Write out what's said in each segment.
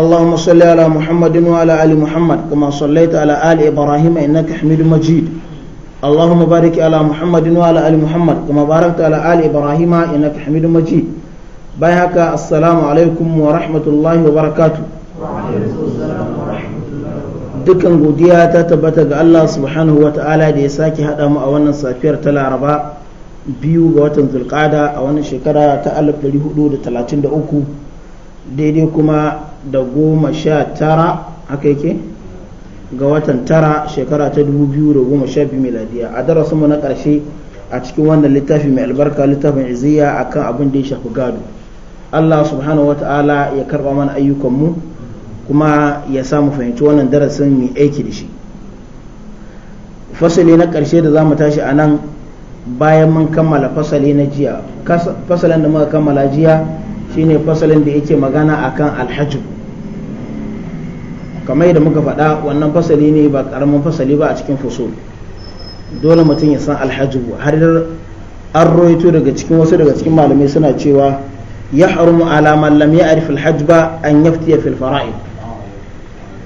اللهم صل على محمد وعلى آل محمد كما صليت على آل إبراهيم إنك حميد مجيد اللهم بارك على محمد وعلى آل محمد كما باركت على آل إبراهيم إنك حميد مجيد بايعك السلام عليكم ورحمة الله وبركاته dukkan godiya ta tabbata ga Allah subhanahu wa ta'ala da ya sake haɗa mu a wannan safiyar ta laraba biyu ga watan zulkada a wannan shekara ta 1433 daidai kuma da goma sha tara haka yake ga watan tara shekara ta dubu biyu da goma sha biyu miladiya a darasinmu na karshe a cikin wannan littafi mai albarka littafin iziya akan abin da ya shafi gado allah subhanahu wa ta'ala ya karba mana ayyukanmu kuma ya samu fahimci wannan darasin mai aiki da shi fasali na karshe da za mu tashi a nan bayan mun kammala fasali na jiya fasalin da muka kammala jiya shine fasalin da yake magana akan alhajj kamar yadda muka faɗa wannan fasali ne ba ƙaramin fasali ba a cikin fuso dole mutum ya san alhajibu har an roito daga cikin wasu daga cikin malamai suna cewa ya harumu alaman lam ya alhaji ba an yaftiya fil fara'id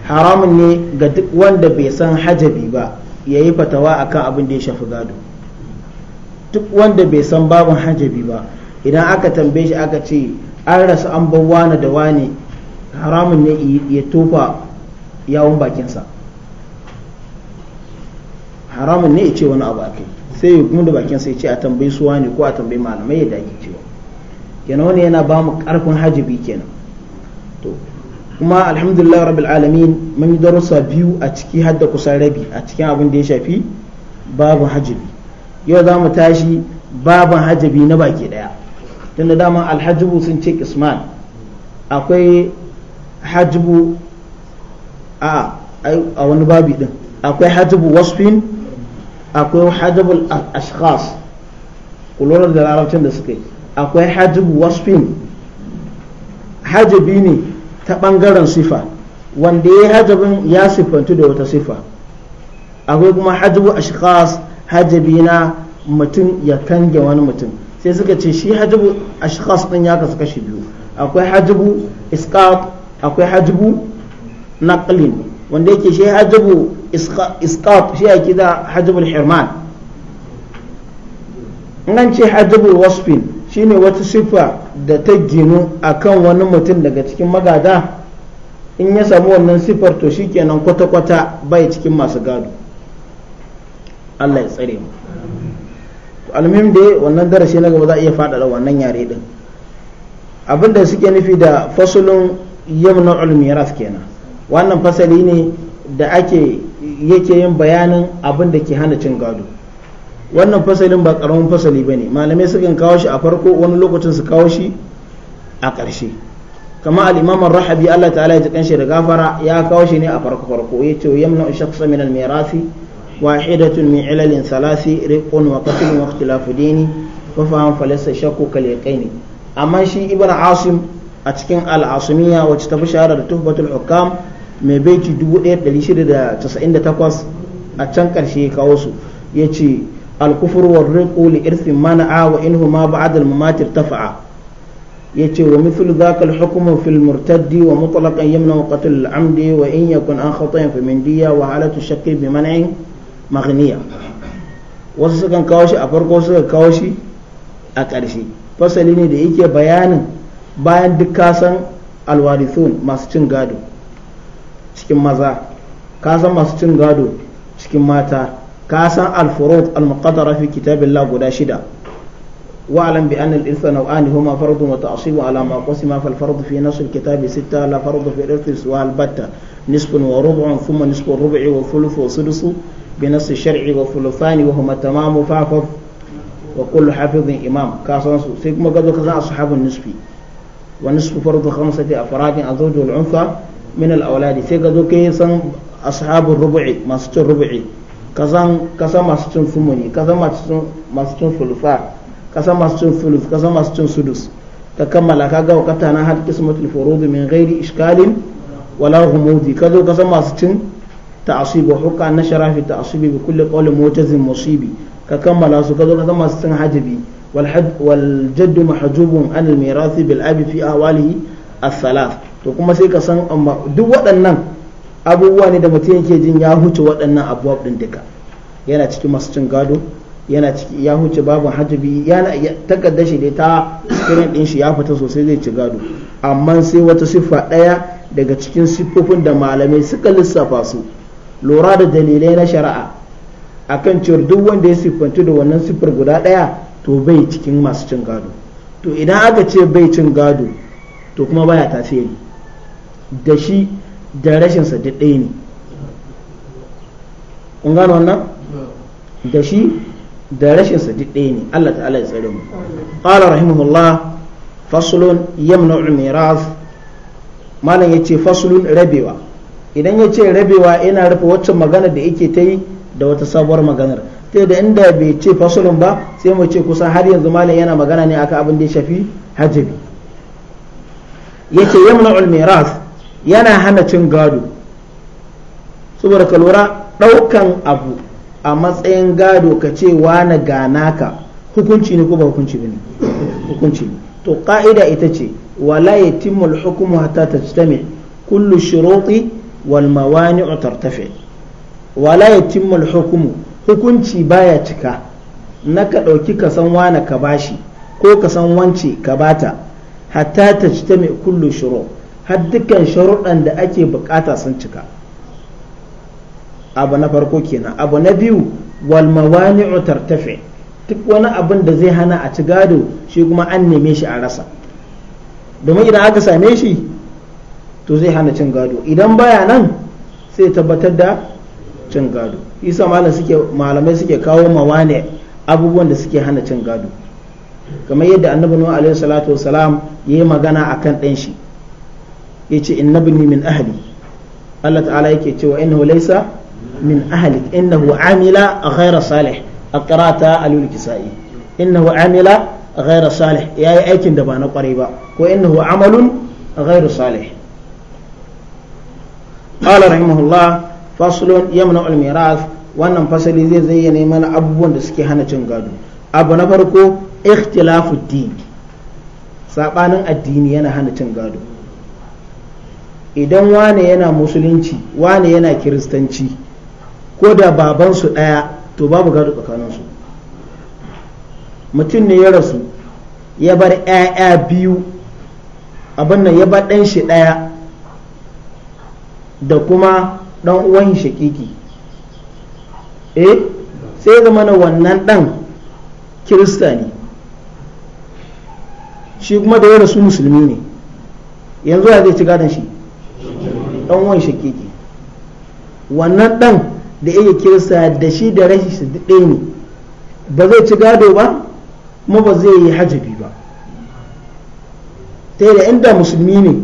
haramun ne ga duk wanda bai san hajabi ba ya yi fatawa akan abin da ya shafi gado duk wanda bai san babin hajabi ba idan aka tambaye shi aka ce an rasu an bawa wani da wani haramun ne ya tofa yawon bakinsa haramun ne ya ce wani abu kai sai ya gudu bakinsa ya ce a tambayi suwa ne ko a tambayi malamai yadda ake cewa kenan wani yana ba mu karfin hajjabi kenan to kuma alhamdulillah rabbil alamin mun yi darussa biyu a ciki har da kusan rabi a cikin abin da ya shafi babin hajjabi yau za mu tashi babin hajjabi na baki daya tunda dama alhajibu sun ce kisman akwai hajibu a a wani babi din akwai hajjabu wasfin akwai hajjabu ashkhas kulorar da larabcin da suka yi akwai hajjabu wasfin hajjabi ne ta bangaren sifa wanda ya yi hajjabin ya siffantu da wata sifa akwai kuma hajjabu ashkhas hajjabi na mutum ya kange wani mutum sai suka ce shi hajjabu ashkhas din ya kasu kashi biyu akwai hajjabu iskat akwai hajjabu. naqlin wanda yake shi hajjabu isqat shi yake da hajabul hirman nan ce hajabu wasfin shine wata siffa da ta ginu akan wani mutum daga cikin magada in ya samu wannan sifar to shikenan kwata-kwata bai cikin masu gado Allah ya tsare mu almim dai wannan darasi na gaba za a iya faɗaɗa wannan yare din abinda suke nufi da fasulun yamna ras kenan wannan fasali ne da ake yake yin bayanin abin da ke hana cin gado wannan fasalin ba karamin fasali ba ne malamai sukan kawo shi a farko wani lokacin su kawo shi a ƙarshe kama al'imaman rahabi allah ta'ala ya jikan da gafara ya kawo shi ne a farko farko ya ce yamna shakhsa min al-mirasi wahidatun min ilalin salasi riqun wa qatlun wa ikhtilafu dini wa faham falasa shakku kal yaqini amma shi ibn asim a cikin al wacce ta fi shahara da tuhbatul hukam mai baiti 1698 a can karshe ya kawo su ya ce alkufur wa riƙo li irsin mana'a wa inhu ma ba'ad al-mamatir tafa'a ya ce wa mithlu dhaka al-hukmu fil murtaddi wa mutlaqan yamna wa qatl al-amdi wa in yakun an khata'in fa min diya wa halatu shakki bi man'in maghniya wasu sukan kawo shi a farko suka kawo shi a ƙarshe fasali ne da yake bayanin bayan duk kasan alwarithun masu cin gado cikin maza masu cin gado cikin mata ka san al-furud al-muqaddara fi guda shida wa alam bi anna al-insa naw'ani huma fardu wa ta'shibu ala ma qasima fal fardu sita la fardu fi al-irth wa wa rub'un thumma nisbu rub'i wa thuluth wa sudusu bi nasl al-shar'i wa thuluthani wa huma tamamu fa'fad wa kullu hafidhin imam ka san su sai kuma gazo ka san ashabun nisbi wa nisbu fardu khamsati afradin al-unsa min al sai ka zo yi san ashabul rubu'i masu cin rubu'i kasan kasan masu cin sumuni kasan masu cin sulfa kasan masu cin sulf kasan masu cin sudus ka kammala ka ga wakata na har qismatul furud min ghairi ishkalin wala humudi ka zo kasan masu cin ta'asib wa hukka na sharafi ta'asib bi kulli qawlin mutazim musibi ka kammala su ka zo kasan masu cin hajabi wal jadd mahjubun an al mirath bil abi fi ahwalihi الثلاث to kuma sai ka san amma duk waɗannan abubuwa ne da mutum yake jin ya huce waɗannan abubuwa ɗin duka yana cikin masu cin gado yana ciki ya huce babu hajjabi yana takardar shi dai ta kiran ɗin shi ya fita sosai zai ci gado amma sai wata siffa ɗaya daga cikin siffofin da malamai suka lissafa su lura da dalilai na shari'a akan cewar duk wanda ya siffantu da wannan siffar guda ɗaya to bai cikin masu cin gado to idan aka ce bai cin gado to kuma baya tasiri da shi da rashinsa duk ɗaya ne kun gano wannan da shi da rashinsa duk ɗaya ne Allah ta'ala ya tsare mu qala rahimahullah faslun yamna'u miras malam yace faslun rabewa idan yace rabewa yana rufe wacce magana da yake ta yi da wata sabuwar maganar ta da inda bai ce fasulun ba sai mu ce kusan har yanzu malam yana magana ne aka abin da ya shafi hajji. yace yamna'u miras yana hana cin gado saboda ka lura ɗaukan abu a matsayin gado ka ce na gana ka hukunci ne ko ba hukunci ne hukunci ne to ka'ida ita ce wala ya yatimul hukumu hatta tajtami kullu shuruti wal mawani'u tafe wala ya yatimul hukumu hukunci baya cika na ka ɗauki ka san ka bashi ko ka san wance ka bata hatta tajtami kullu shurut har dukkan sharuɗan da ake bukata sun cika abu na farko kenan abu na biyu wal mawani'u tafe duk wani abin da zai hana a ci gado shi kuma an neme shi a rasa domin idan aka same shi to zai hana cin gado idan baya nan sai tabbatar da cin gado isa malamai suke kawo mawane abubuwan da suke hana cin gado kamar yadda annabi nuhu alaihi salatu wasalam yayi magana akan ɗan shi yace innabni min ahli Allah ta'ala yake cewa innahu laysa min ahli innahu amila ghayra salih aqrata al-kisai innahu amila ghayra salih yayi aikin da ba na kwarai ba ko innahu amalun ghayru salih qala rahimahullah faslun yamna al-mirath wannan fasali zai zayyana mana abubuwan da suke hana cin gado abu na farko ikhtilafu din sabanin addini yana hana cin gado idan wane yana musulunci wane yana kiristanci ko da babansu ɗaya to babu gado tsakaninsu mutum ne ya rasu ya bar 'ya'ya biyu abin nan ya bar ɗan shi ɗaya da kuma ɗan uwan shakiki eh sai zama na wannan ɗan kirista ne shi kuma da ya rasu musulmi ne yanzu ya zai ci gadon shi dan uwan shakiki wannan dan da yake kirsa da shi da rashi su ne ba zai ci gado ba kuma ba zai yi hajabi ba ta da inda musulmi ne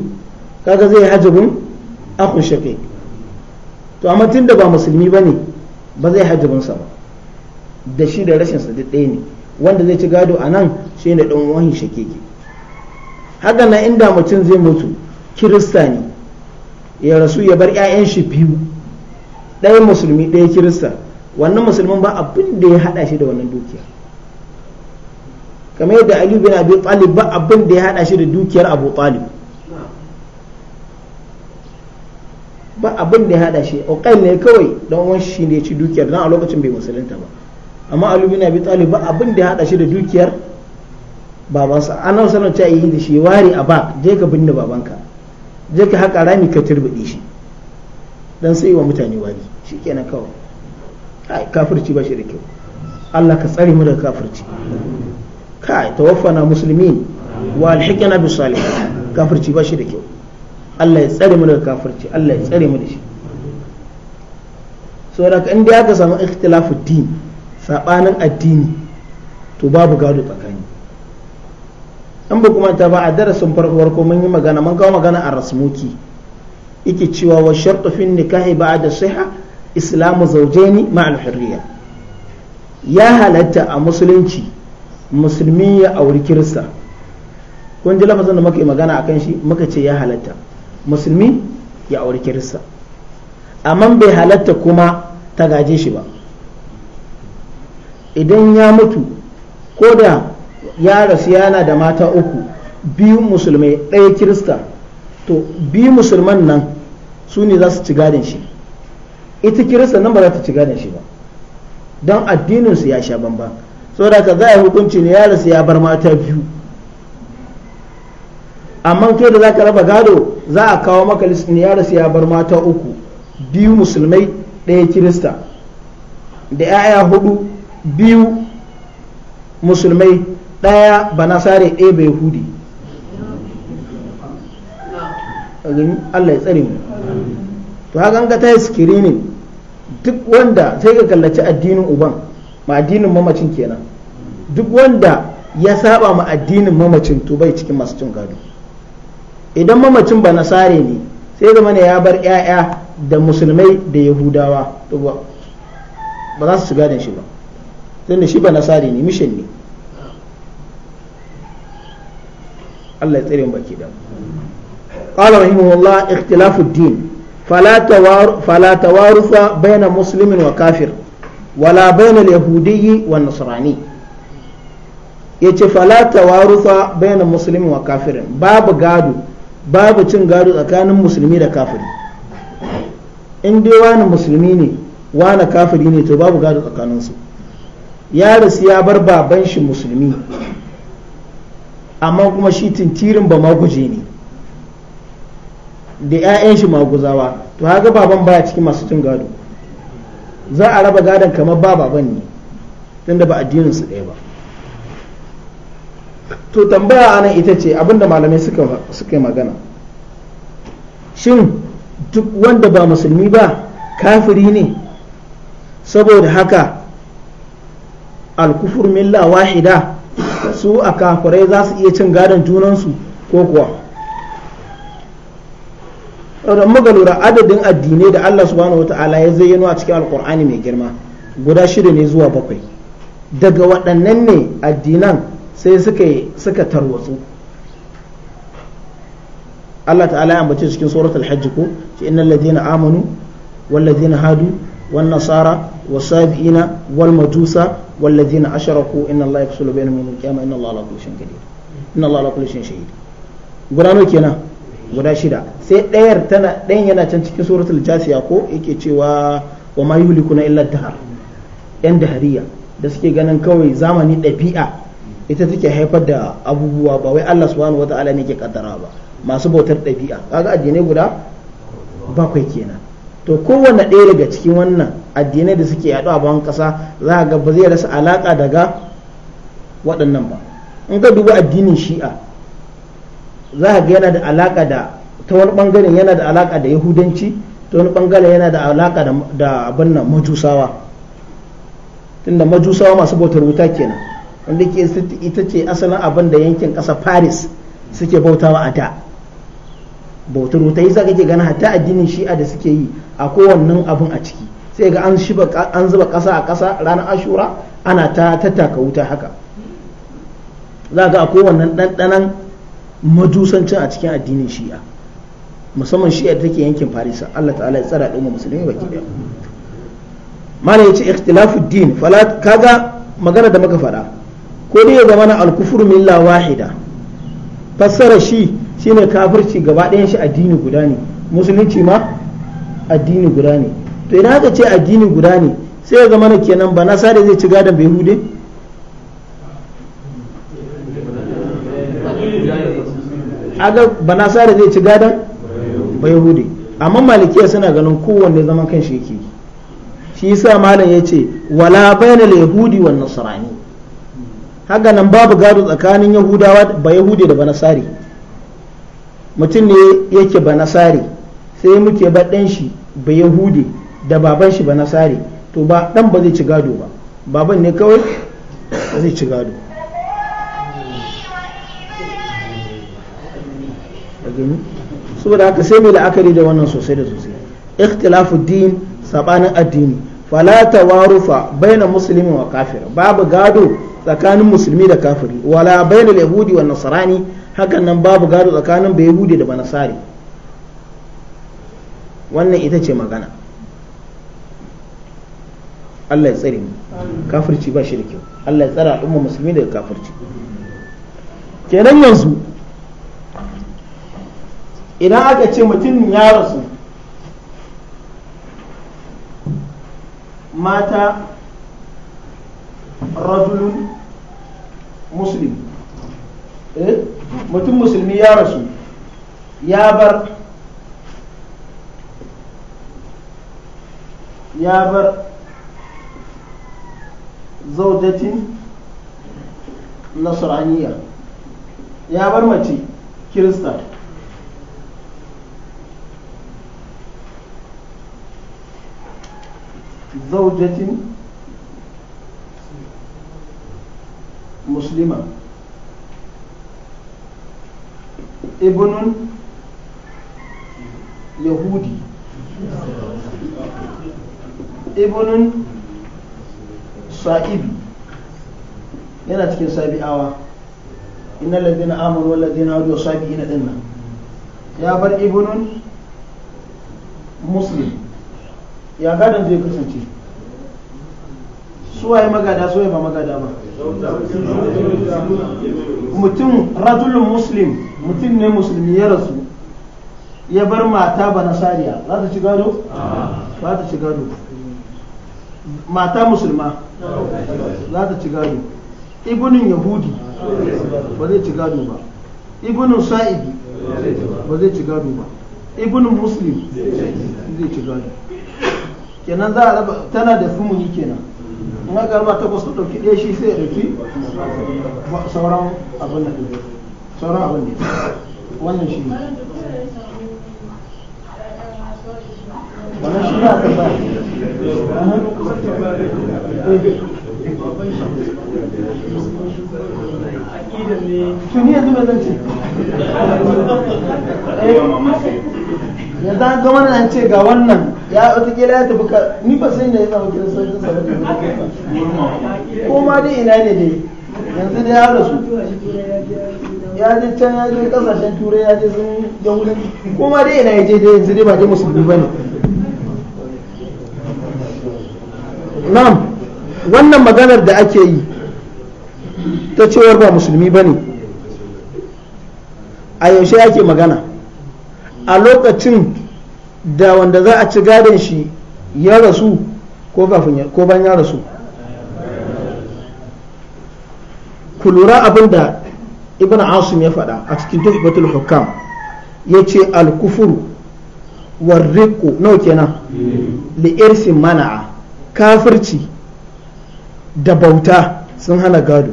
kaga zai yi hajabin akun shaƙi to amma tun da ba musulmi ba ne ba zai sa ba da shi da rashin sa ɗaya ne wanda zai ci gado a nan shi ne ɗan wani shakeke haka na inda mutum zai mutu kirista ne ya rasu ya bar 'ya'yan shi biyu ɗaya musulmi ɗaya kirista wannan musulmin ba abin da ya haɗa shi da wannan dukiya kamar yadda aliyu bin Abi Talib ba abin da ya haɗa shi da dukiyar Abu Talib ba abin da ya haɗa shi uqail ne kawai don wani shi ne ya ci dukiyar don a lokacin bai musulunta ba amma aliyu bin Abi Talib ba abin da ya haɗa shi da dukiyar babansa ana sanar ta yi da shi ware a ba je ka binne babanka je ka haƙa rami ka turbiɗe shi don sai wa mutane wani shi kenan kawai kai kafirci ba shi da kyau Allah ka tsare mu daga kafirci kai tawaffana muslimin wa alhiqna bis salihin kafirci ba shi da kyau Allah ya tsare mu daga kafirci Allah ya tsare mu da shi saboda in dai aka samu ikhtilafu din sabanin addini to babu gado tsakani in ba kuma ta ba a darasin farko ko mun yi magana mun kawo magana a rasmuki yake cewa wa shartu fi nikahi da siha islamu zawjaini ma al ya halatta a musulunci musulmi ya auri kirista kun ji lafazin da muka yi magana akan shi muka ce ya halatta musulmi ya auri kirista amma bai halatta kuma ta gaje shi ba idan ya mutu ko da ya rasu yana da mata uku biyu musulmai ɗaya kirista to biyu musulman nan su ne za su ci gadin shi ita kirista nan ba za ta ci gadin shi ba don addininsu ya sha bamban saboda ka za a hukunci ne ya rasu ya bar mata biyu amma ke da za ka raba gado za a kawo maka ne ya rasu ya bar mata uku biyu musulmai ɗaya kirista da 'ya'ya hudu biyu musulmai ɗaya ba nasare ɗaya bai hudi Allah ya tsare mu to haka ga ta yi screening duk wanda sai ka kallaci addinin uban ma addinin mamacin kenan duk wanda ya saba ma addinin mamacin to bai cikin masu cin gado idan mamacin ba nasare ne sai zama ne ya bar 'ya'ya da musulmai da yahudawa ba za su shiga da shi ba tunda shi ba nasare ne mishin ne Allah ya tsere baki da qala rahimahullah ikhtilafu din fala tawar fala tawarutha baina muslimin wa kafir wala baina al-yahudiyyi wa nasrani yace fala tawarufa baina muslimin wa kafirin babu gado babu cin gado tsakanin musulmi da kafiri in dai wani musulmi ne wani kafiri ne to babu gado tsakaninsu ya rasu ya bar baban shi musulmi amma kuma shi tintirin ba maguje ne da 'ya'yan shi maguzawa to haka baban baya cikin masu cin gado za a raba gadon kamar ba baban ne tunda ba addinin su ɗaya ba to tambaya anan ita ce abinda malamai suka yi magana shin duk wanda ba musulmi ba kafiri ne saboda haka alkufur milla wahida su a kafirai za su iya cin gadon junansu ko kuwa da lura adadin addinai da Allah subhanahu ala ya zayyano a cikin alkur'ani mai girma guda shida ne zuwa bakwai daga waɗannan ne addinan sai suka suka tarwatsu Allah ta'ala ya ambace cikin suratul hajji ko innal ladina amanu wal ladina hadu wan nasara والصابئين والمجوس wal أشركوا إن الله يفصل بينهم يوم القيامة إن الله على كل شيء قدير إن الله على كل شيء شهيد guda shida sai ɗayar tana ɗayan yana can cikin suratul jasiya ko yake cewa wa ma yuhliku na illa dahar yan dahariya da suke ganin kawai zamani ɗabi'a ita take haifar da abubuwa ba wai Allah subhanahu wata'ala ne yake kaddara ba masu bautar ɗabi'a kaga addinai guda bakwai kenan to kowane ɗaya daga cikin wannan addinai da suke yaɗo a bayan ƙasa za ga ba zai rasa alaƙa daga waɗannan ba in ka dubi addinin shi'a za ga yana da alaƙa da ta wani ɓangaren yana da alaƙa da yahudanci ta wani ɓangaren yana da alaƙa da abin nan majusawa tunda majusawa masu bautar wuta kenan wanda ita ce asalin abin da yankin ƙasa paris suke bautawa a da bautar wuta yasa kake ganin hatta addinin shi'a da suke yi a kowannen abun a ciki sai ga an zuba kasa a kasa ranar ashura ana ta tattaka wuta haka za ga a kowannen ɗanɗanan majusancin a cikin addinin shi'a musamman shi'a take yankin farisa allah ta'ala ya tsara ɗin musulmi baki ɗaya mana ya ce ikhtilafu din fala kaga magana da muka faɗa ko dai ya zama na alkufur milla wahida fassara shi shine kafirci gaba ɗayan shi addini guda ne musulunci ma addini guda ne to idan aka ce addini guda ne sai ya zama na kenan ba na sare zai ci gadon bai hude aga ba na sare zai ci gadon bai hude amma malikiya suna ganin kowanne zaman kan shi yake shi yasa malam ya ce wala bainal yahudi wan nasrani haka nan babu gado tsakanin yahudawa ba yahudi da ba nasari mutum ne yake ba nasari sai muke ba ɗan shi ba yahudi da baban shi ba nasari to ba ɗan ba zai ci gado ba baban ne kawai ba zai ci gado saboda haka sai mai la'akari da wannan sosai da sosai ikhtilafu din sabanin addini fala warufa baina muslimi wa kafir babu gado tsakanin musulmi da kafiri wala baina yahudi wa nasrani hakan nan babu gado tsakanin bai hude da banasari wannan ita ce magana Allah ya tsare mu kafirci ba shi da kyau Allah ya tsara al'umma musulmi daga kafirci kenan yanzu idan aka ce mutum ya rasu mata rajulun musulmi. mutum musulmi ya rasu ya bar ya bar zaujatin nasraniya ya bar mace kirista zaujatin muslima ibnun yahudi ibnun sa'ibi yana cikin sabi'awa inna amur amanu wal wajen hadu sabi'ina dinnan ya bar ibnun muslim ya gadon zai kasance suwaye magada suwaye ba magada ba mutum rajulun muslim mutum ne musulmi ya rasu ya bar mata ba nasariya za ta ci gado? za ta ci gado mata musulma za ta ci gado ibinin yahudi ba zai ci gado ba ibinin sa'idi ba zai ci gado ba ibinin muslim zai ci gado kenan za a raba tana da fumuni kenan in aka raba takwas ta ɗauki ɗaya shi sai ya ɗauki sauran abin da ɗauki sauran ne wannan shi wannan shi ba ba tuni yanzu mai zance eh, yanzu an ga wannan ce ga wannan ya watakila ya tafi ka ni ba sai ne ya samu gidan sojin sarari ko ma dai ina ne dai yanzu da ya rasu ya je can ya je kasashen turai ya je sun yahudan kuma dai ina ya je dai yanzu dai ba dai musulmi ne na'am wannan maganar da ake yi ta cewar ba musulmi ba ne a yaushe ake magana a lokacin da wanda za a ci gadon shi ya rasu ko ban ya rasu ku lura abin da ibn asim ya faɗa a cikin tuhbatul hukam ya ce alkufuru warriku nawa kenan li'irsin mana'a kafirci da bauta sun hana gado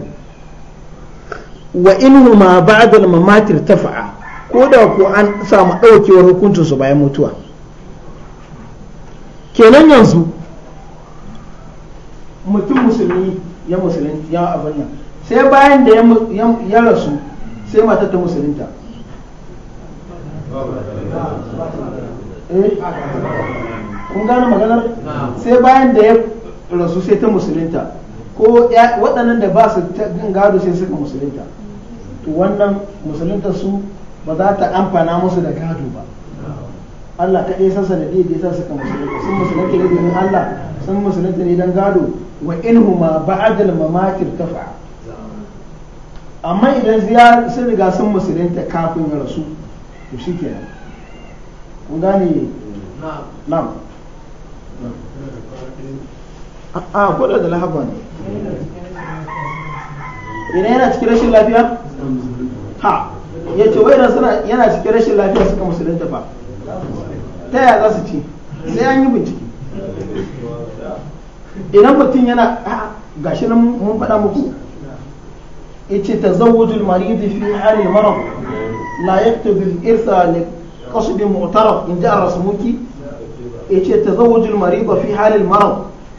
wa inhuma ba'dal mamatir tafa'a ko da ko an samu ɗaukewar hukuncin su bayan mutuwa kenan yanzu mutum musulmi ya musulunci ya abin nan sai bayan da ya rasu sai matar ta musulunta eh, kun gane maganar sai bayan da ya rasu sai ta musulunta ko waɗannan da ba su ta gado sai suka musulunta to wannan musulunta su ba za ta amfana musu da gado ba Allah kaɗai san sassa da ya sa suka musulunta sun musulunta ne domin Allah sun musulunta ne don gado wa ma ba'adal mamakir kafa amma idan ziyarar sun riga sun musulunta kafin ya rasu to shi ke nan kun gane nam a gwada da lahaba ne idan yana cikin rashin lafiya ha ya ce wai idan yana cikin rashin lafiya suka musulunta ba ta yaya za su ci sai an yi bincike idan mutum yana gashi nan mun faɗa muku yace tazawwujul marid fi hali marad la yaktubu al-irtha li qasd mu'taraf in ja'a rasmuki yace tazawwujul marid fi hali marad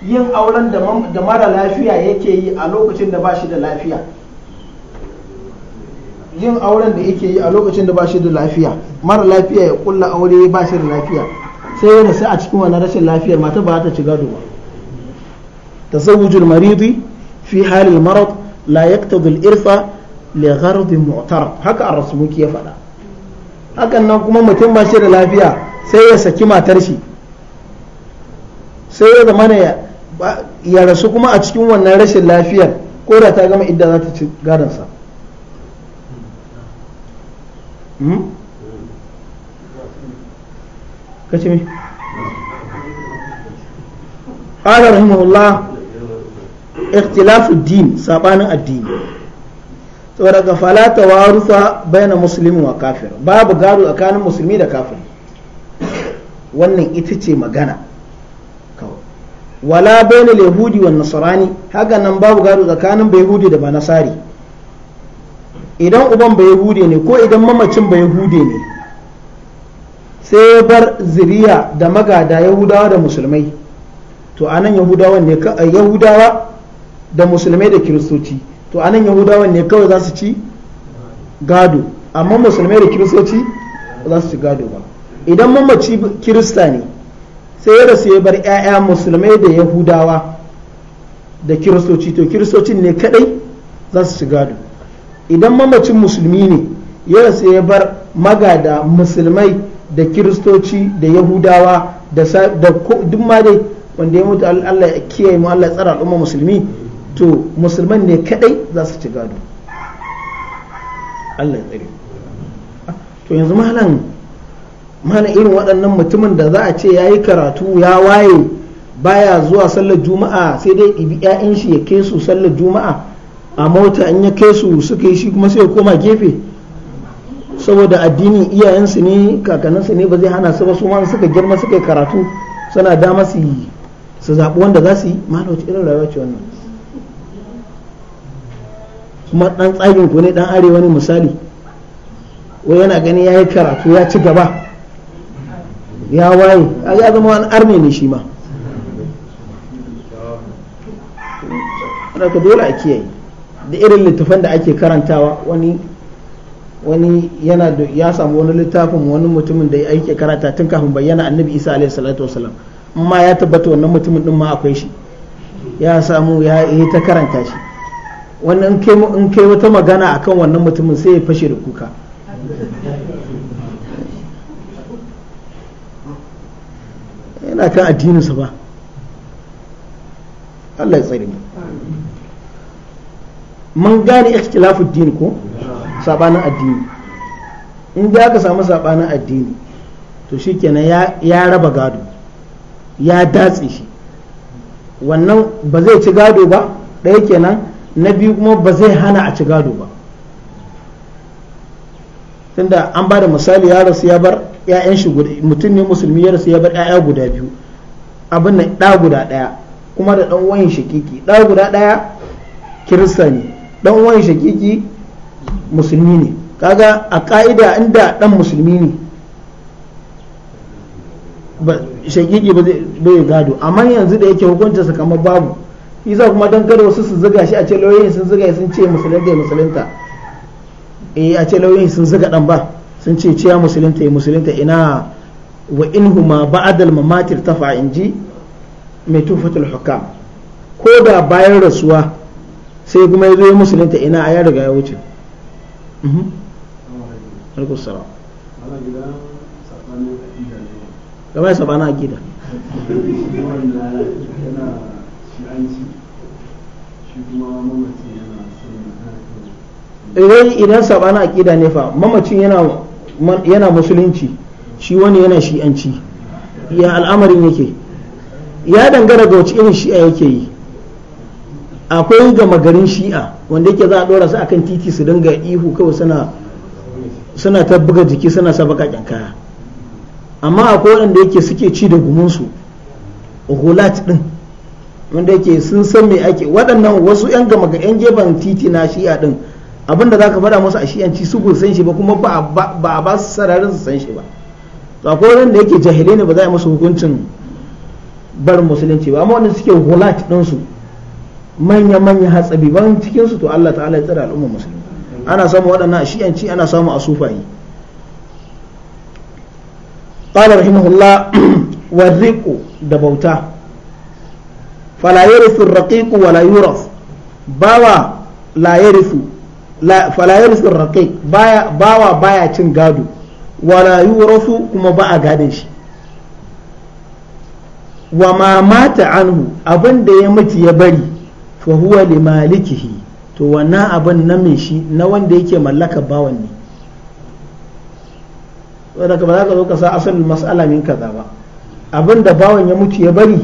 yin auren da mara lafiya yake yi a lokacin da ba shi da lafiya yin auren da yake yi a lokacin da ba shi da lafiya mara lafiya ya kulla aure ba shi da lafiya sai yana sai a cikin wannan rashin lafiyar mata ba ta ci gado ba tazawujul maridi fi halil marad la yaktadul irsa li ghardi mu'taraf haka ar-rasuluki ya faɗa hakan nan kuma mutum ba da lafiya sai ya saki matar shi sai ya zama ya rasu kuma a cikin wannan rashin lafiyar ko ta gama idda za ta ci gadonsa hmm? kace me ikhtilafu din sabanin addini saboda ga fala tawarufa baina muslimin wa kafir babu gado tsakanin musulmi da kafir wannan ita ce magana wala baina yahudi wa nasrani haka nan babu gado tsakanin bayhudi da ba nasari idan uban ba yahude ne ko idan mamacin ba yahude ne sai ya bar ziriya da magada yahudawa da musulmai to anan yahudawa ne yahudawa da musulmai da kiristoci to anan yahudawan ne kawai za su ci gado amma musulmai da kiristoci za su ci gado ba idan mamaci kirista ne sai ya rasu ya bar 'ya'ya musulmai da yahudawa da kiristoci to kiristocin ne kadai za su ci gado idan mamacin musulmi ne ya rasu ya bar magada musulmai da kiristoci da yahudawa da duk ma dai wanda ya mutu Allah ya kiyaye mu Allah ya tsara al'umma musulmi to musulman ne kadai za su ci gado Allah ya tsare to yanzu malam malam irin waɗannan mutumin da za a ce ya yi karatu ya waye baya zuwa sallar juma'a sai dai ibi 'ya'yan shi ya ke su sallar juma'a a mota in ya kai su suka yi shi kuma sai ya koma gefe saboda addini iyayensu ne kakanninsu ne ba zai hana su ba su ma suka girma suka yi karatu suna dama su yi su zaɓi wanda za su yi malam irin rayuwa ce wannan kuma dan tsagin ku ne dan arewa ne misali wai yana gani ya yi karatu ya ci gaba ya waye ya zama wani arme ne shi ma ka dole a kiyaye da irin littafan da ake karantawa wani wani yana ya samu wani littafin wani mutumin da ya karata tun kafin bayyana annabi isa alaihi salatu wasalam amma ya tabbata wannan mutumin din ma akwai shi ya samu ya yi ta karanta shi wannan in kai wata magana akan wannan mutumin sai ya fashe da kuka yana kan addininsa ba Allah ya tsare mu mun gane ikhtilafu din ko sabanin addini in da aka samu sabanin addini to shikenan ya ya raba gado ya datse shi wannan ba zai ci gado ba ɗaya kenan na biyu kuma ba zai hana a ci gado ba tunda an ba da misali ya rasu ya bar 'ya'yan shi guda mutum ne musulmi ya rasu ya bar 'ya'ya guda biyu abin na ɗa guda ɗaya kuma da ɗan wayan shakiki ɗa guda ɗaya kirista ne ɗan wayan shakiki musulmi ne kaga a ƙa'ida inda ɗan musulmi ne shakiki ba zai gado amma yanzu da yake hukunta kamar babu isa kuma don kada wasu su zuga shi a ce lauyoyin sun zuga sun ce da ya musulunta e a ce lauyoyin sun zuga dan ba sun ce ciya musulunta ya musulunta ina wa in inhuma ba'dal mamatir tafa ji mai tufatul hukam ko da bayan rasuwa sai kuma ya zo ya musulunta ina a ya riga ya wuce gaba mhm. ya Eh, idan idan sabanin akida ne fa mamacin yana musulunci shi wani yana shi'anci ya al'amarin yake ya dangara ga wace irin shi'a yake yi akwai gama garin shi'a wanda yake za a dora su akan titi su dinga ihu kawai suna suna ta buga jiki suna sa baka kaya amma akwai waɗanda yake suke ci da gumunsu hulat din wanda yake sun san me ake waɗannan wasu yan gama ga yan gefen titi na shi'a din abinda ka faɗa musu a shi'anci su ba san shi ba kuma ba a ba su sararin su san shi ba to akwai da yake jahilai ne ba za a yi musu hukuncin barin musulunci ba amma wanda suke hulat din su manya manya hatsabi ban cikin su to Allah ta'ala ya tsara al'ummar musulmi ana samu waɗannan a shi'anci ana samu a sufayi قال رحمه الله والرق bauta. fala yarithu ar-raqiq wala bawa la yarithu fala yarithu ar bawa baya cin gado wala yurathu kuma ba a gadon shi wa ma mata anhu abin da ya mutu ya bari fa huwa li malikihi to wannan abin na min shi na wanda yake mallaka bawan ne ka ba za ka zo ka sa asalin mas'ala min kaza ba abin da bawan ya mutu ya bari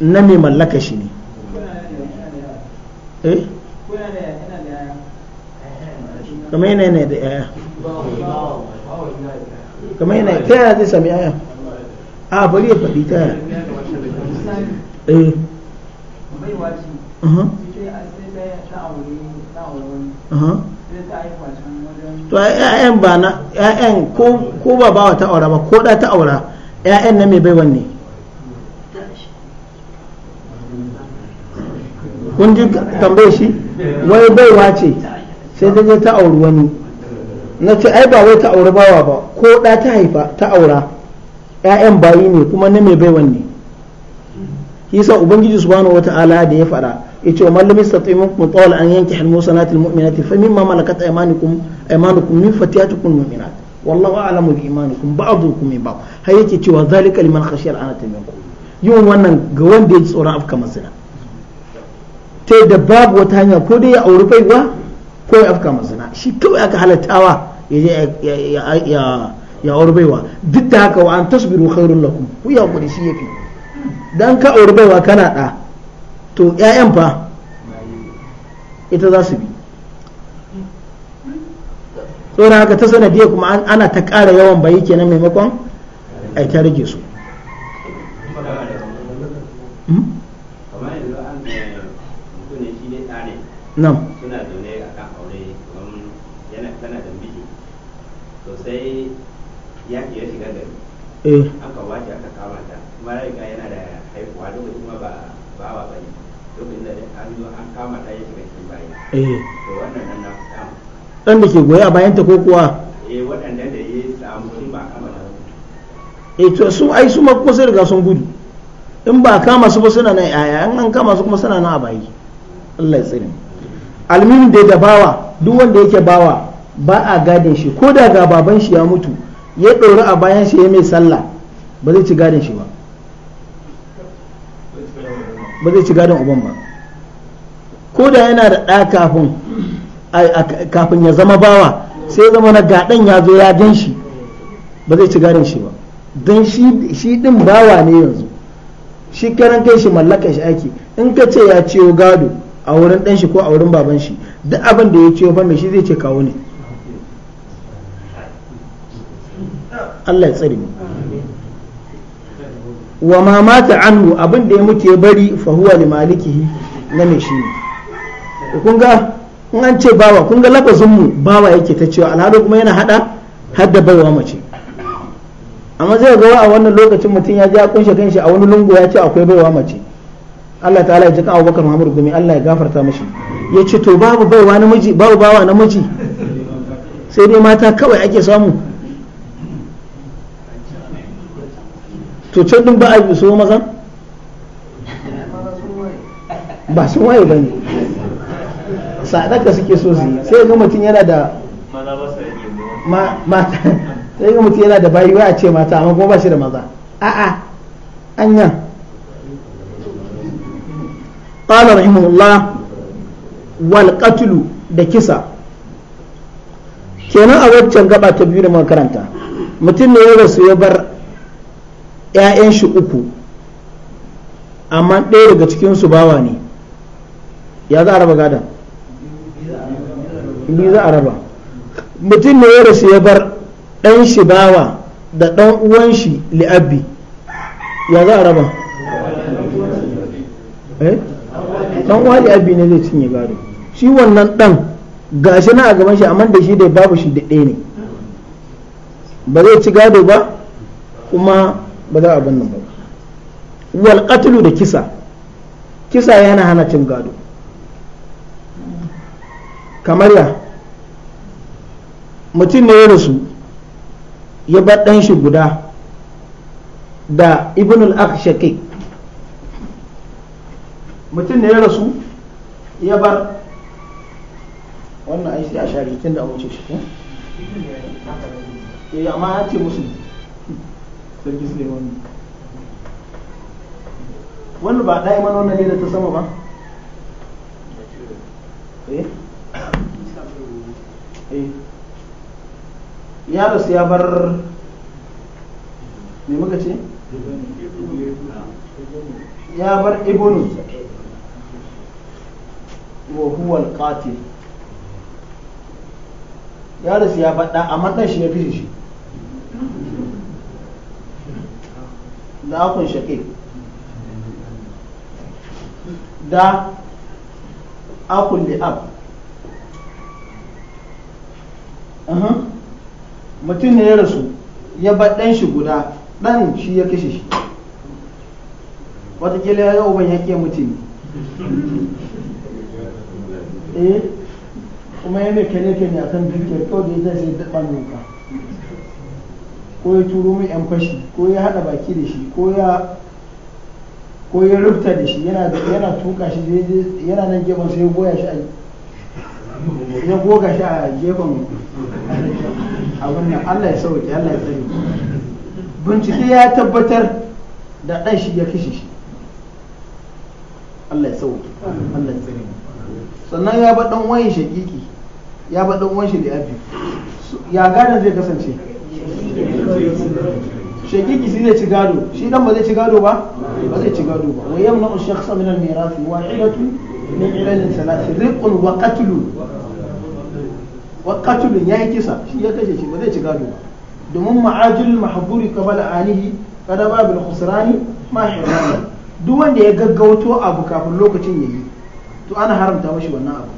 na mai mallaka shi ne eh yana yana da yaya yana ta yaya zai sami yaya a bari ya faɗi ta eh. uh-huh. Uh-huh. to ba na ko ba bawa ta aura ba ko da ta aura yayan na mai baiwan ne kun ji tambaye shi wai baiwa ce sai ta je ta auri wani na ce ai ba wai ta auri bawa ba ko ɗa ta haifa ta aura ƴaƴan bayi ne kuma na mai baiwan ne yasa ubangiji subhanahu wata'ala da ya fada yace wa man lam yastati minkum tawl an yanki al musanatil mu'minati fa mimma malakat aymanukum aymanukum min fatiyatukum mu'minat wallahu a'lamu bi imanikum ba'dukum min ba'd har yake cewa zalika liman khashiya al anata minkum yin wannan ga wanda ya ji tsoron afka masana ta yadda babu wata hanya ko dai ya auri baiwa ko ya afka masana shi kawai aka halattawa ya je ya auri baiwa duk da haka wa an tasbiru khairun lakum ku ya hakuri shi yafi dan ka auri baiwa kana da to ƴaƴan fa ita za su bi tsoron haka ta sanadiyar kuma ana ta ƙara yawan bayi kenan maimakon a ta rage su hmm? nan suna zaune a kan aure yana tana da miji to sai ya ke ya shiga gari eh aka wace aka kama ta kuma ya riga yana da haihuwa lokacin kuma ba bawa ba ne lokacin da an zo an kama ta ya shiga cikin bayi eh to wannan nan na kama dan da ke goye a bayanta ko kuwa eh waɗannan da ya samu shi ba kama ta eh to su ai su ma kuma sai riga sun gudu in ba kama su ba suna nan yaya an kama su kuma suna nan a bayi Allah ya tsare mu almin da da bawa duk wanda yake bawa ba a gadin shi ko da baban shi ya mutu ya ɗori a bayan shi ya mai sallah ba zai ci gadin shi ba ba zai ci gadin uban ba ko da yana da ɗa kafin kafin ya zama bawa sai zama na gaɗan ya zo ya gan shi ba zai ci gadin shi ba don shi ɗin bawa ne yanzu shi karan kai shi mallakar shi ake in ka ce ya ciyo gado a wurin dan shi ko a wurin baban shi duk abin da ya ce fa mai shi zai ce kawo ne Allah ya tsare mu wa ma mata anhu abin da ya mutu ya bari fa huwa li malikihi na mai shi ne kun ga in an ce bawa kun ga lafazin mu bawa yake ta cewa alhado kuma yana hada hadda baiwa mace amma zai ga a wannan lokacin mutum ya ji a kunshe kanshi a wani lungu ya ce akwai baiwa mace Allah ta'ala ya ji kawo bakar Muhammadu gumi Allah ya gafarta mashi ya ce to babu baiwa namiji babu bawa namiji sai dai mata kawai ake samu to can din ba a yi so mazan ba sun waye ba ne sadaka suke so su yi sai ga mutum yana da mata sai ga mutum yana da bayi a ce mata amma kuma ba shi da maza a'a anya qala rahimahullah wal qatlu da kisa kenan a waccan gaɓa ta biyu da makaranta mutum ne ya rasu ya bar 'ya'yan uku amma ɗaya daga cikinsu bawa ne ya za a raba gadon mutum ne ya rasu ya bar ɗan bawa da ɗan uwan li'abbi ya za a raba eh? dan uwa da abi ne zai cinye gado shi wannan dan gashi na a gaban shi amma da shi da babu shi da ɗaya ne ba zai ci gado ba kuma ba za a ban nan ba wal qatlu da kisa kisa yana hana cin gado kamar ya mutum ne ya rasu ya bar ɗan shi guda da ibnul akhshaqiq mutum ne ya rasu ya bar wannan aiki a share da wuce shi ko eh amma ya ce musu sarki su ne wani wannan ba ɗaya mana wannan ne da ta sama ba eh? Eh. ya rasu ya bar me muka ce ya bar ibonu wa huwa al-qatil ya rasu ya faɗa amma ɗan shi ya fi shi da akun shaƙi da akun li'ab mutum ne ya rasu ya bar ɗan shi guda ɗan shi ya kashe shi watakila ya uban ya ke mutum E kuma ya mai kene kane akan dukiyar kawai da sai da daɓa nuka ko ya turo mai yan fashi ko ya haɗa baki da shi ko ya ko ya rufta da shi yana tuka shi yana nan gefen sai ya goya shi a ya goga shi a gefen abin nan Allah ya sauke Allah ya tsare bincike ya tabbatar da ɗan shi ya kashe shi Allah ya sauke Allah ya tsare sannan ya bar dan wayin shakiki ya bar dan wayin shi da ya gadon zai kasance shaƙiƙi shi zai ci gado shi dan ba zai ci gado ba ba zai ci gado ba wa yamna shakhsa min al-mirath wahidatu min ilal thalath riqun wa qatlun wa qatlun yayi kisa shi ya kashe shi ba zai ci gado ba domin ma'ajil mahduri qabala alihi kada babu khusrani ma hirani duk wanda ya gaggauto abu kafin lokacin yayi to ana haramta mashi wannan abu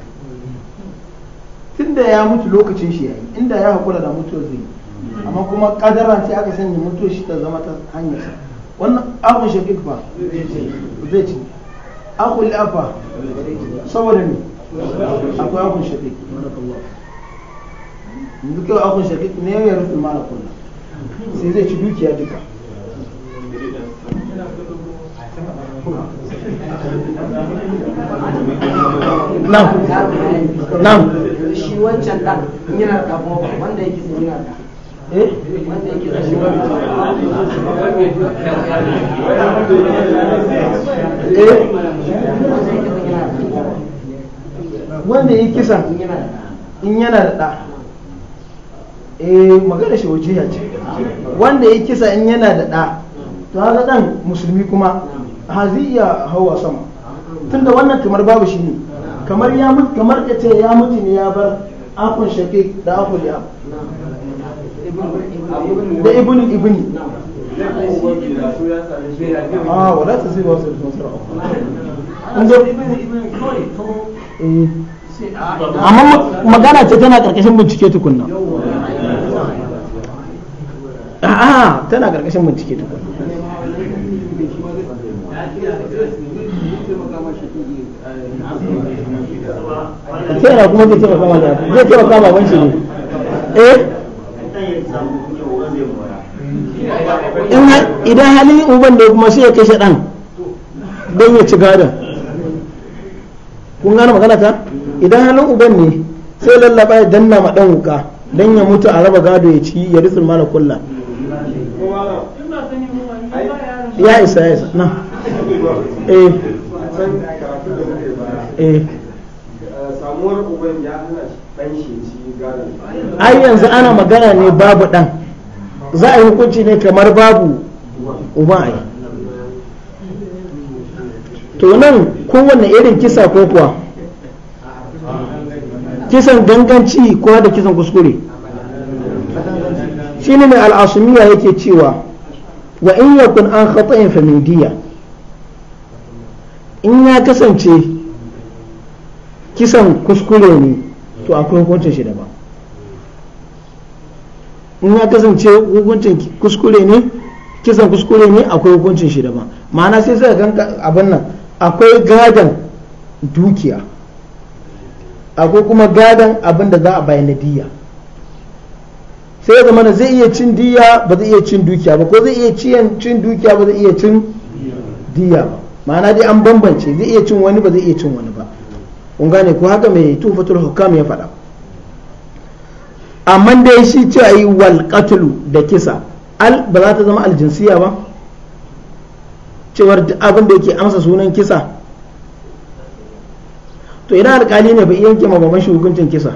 tunda ya mutu lokacin shi yayi inda ya hakura da mutuwar zai amma kuma kadara sai aka sanya mutuwar shi ta zama ta hanyar sa wannan abun shafiq ba zai ci akul afa saboda ne akwai akun shafiq yanzu kawai akun shafiq ne ya rufe mara kullum sai zai ci dukiya duka nan nan shi wancan dan yana da kuma wanda yake sun eh? eh? yana da wanda yi kisa in yana da ɗa eh magana shi wajiya ce wanda yi kisa in yana da ɗa to haka ɗan musulmi kuma haziya hawa sama tunda wannan kamar babu shi ne kamar ya mutu kamar ka ce ya mutu ne ya bar akun shafi da akun ya da ibini ibini ah wala ta sai wasu da sun amma magana ce tana karkashin bincike tukunna a'a tana karkashin bincike tukunna ce yana kuma zai taimaka ma da zai taimaka ma ne eh idan halin uban da kuma sai ya kashe dan don ya ci gadon kun gane magana ta idan halin uban ne sai lallaba ya danna ma dan wuka dan ya mutu a raba gado ya ci ya rufin mala kulla ya isa ya isa na Eh. Eh. a yanzu ana magana ne babu dan za a yi hukunci ne kamar babu uba ai to nan kowanne irin kisa ko kuwa kisan ganganci ko da kisan kuskure shi ne mai al'asumiya yake cewa wa in yakun an khata'in fa in ya kasance kisan kuskure ne to akwai hukuncin shi daban in ya kasance hukuncin kuskure ne kisan kuskure ne akwai hukuncin shi daban ma'ana sai sai ganka abin nan akwai gadon dukiya akwai kuma gadon abin da za a bayan diya sai zama na zai iya cin diya ba zai iya cin dukiya ba ko zai iya cin dukiya ba zai iya cin diya ba ma'ana dai an bambance zai iya cin wani ba zai iya cin wani ba kun gane ko haka mai tufatul hukam ya faɗa amma dai shi ce ayi wal da kisa al ba za ta zama aljinsiya ba cewar abin da yake amsa sunan kisa to idan alkali ne ba iya yanke ma baban shi hukuncin kisa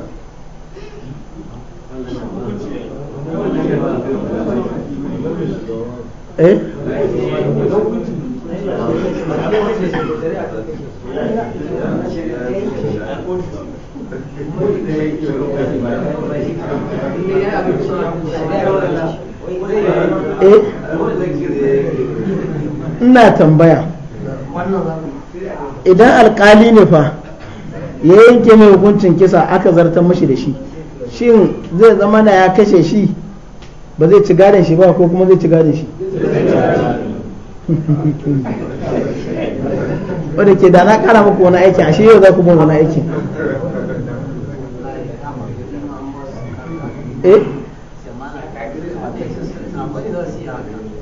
eh Eh, ina tambaya idan alkali ne fa ya yanke mai hukuncin kisa aka zartar mashi da shi shin zai zama na ya kashe shi ba zai ci gadon shi ba ko kuma zai ci gadon shi wadda ke da na kara muku wani aikin ashe yau za ku bin wani aiki eh?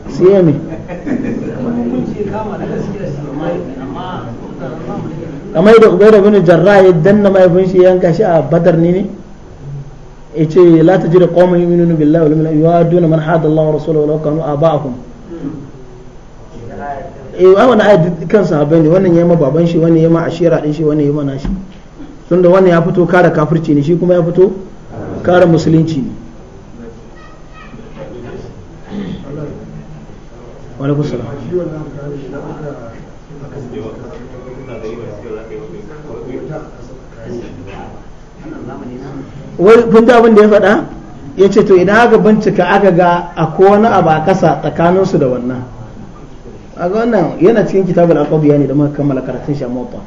siya me kamar yadda ubai da bini jarra ya danna mahaifin shi yanka shi a badar ne ne ya ce la ta jira yi minunu billahi wal yawmil akhir duna man hada Allah wa rasulahu wa law kanu aba'ahum eh wa wani ayat dukkan sahabbai ne wannan ma baban shi wannan yema ashira din shi wannan ma nashi da wannan ya fito kare kafirci ne shi kuma ya fito kare musulunci ne walaikun salam kun abin da ya faɗa ya ce to idan aka bincika aka ga akwai wani abu a ƙasa tsakaninsu da wannan a ga wannan yana cikin kitabul ya ne da muka kammala karatun shi mota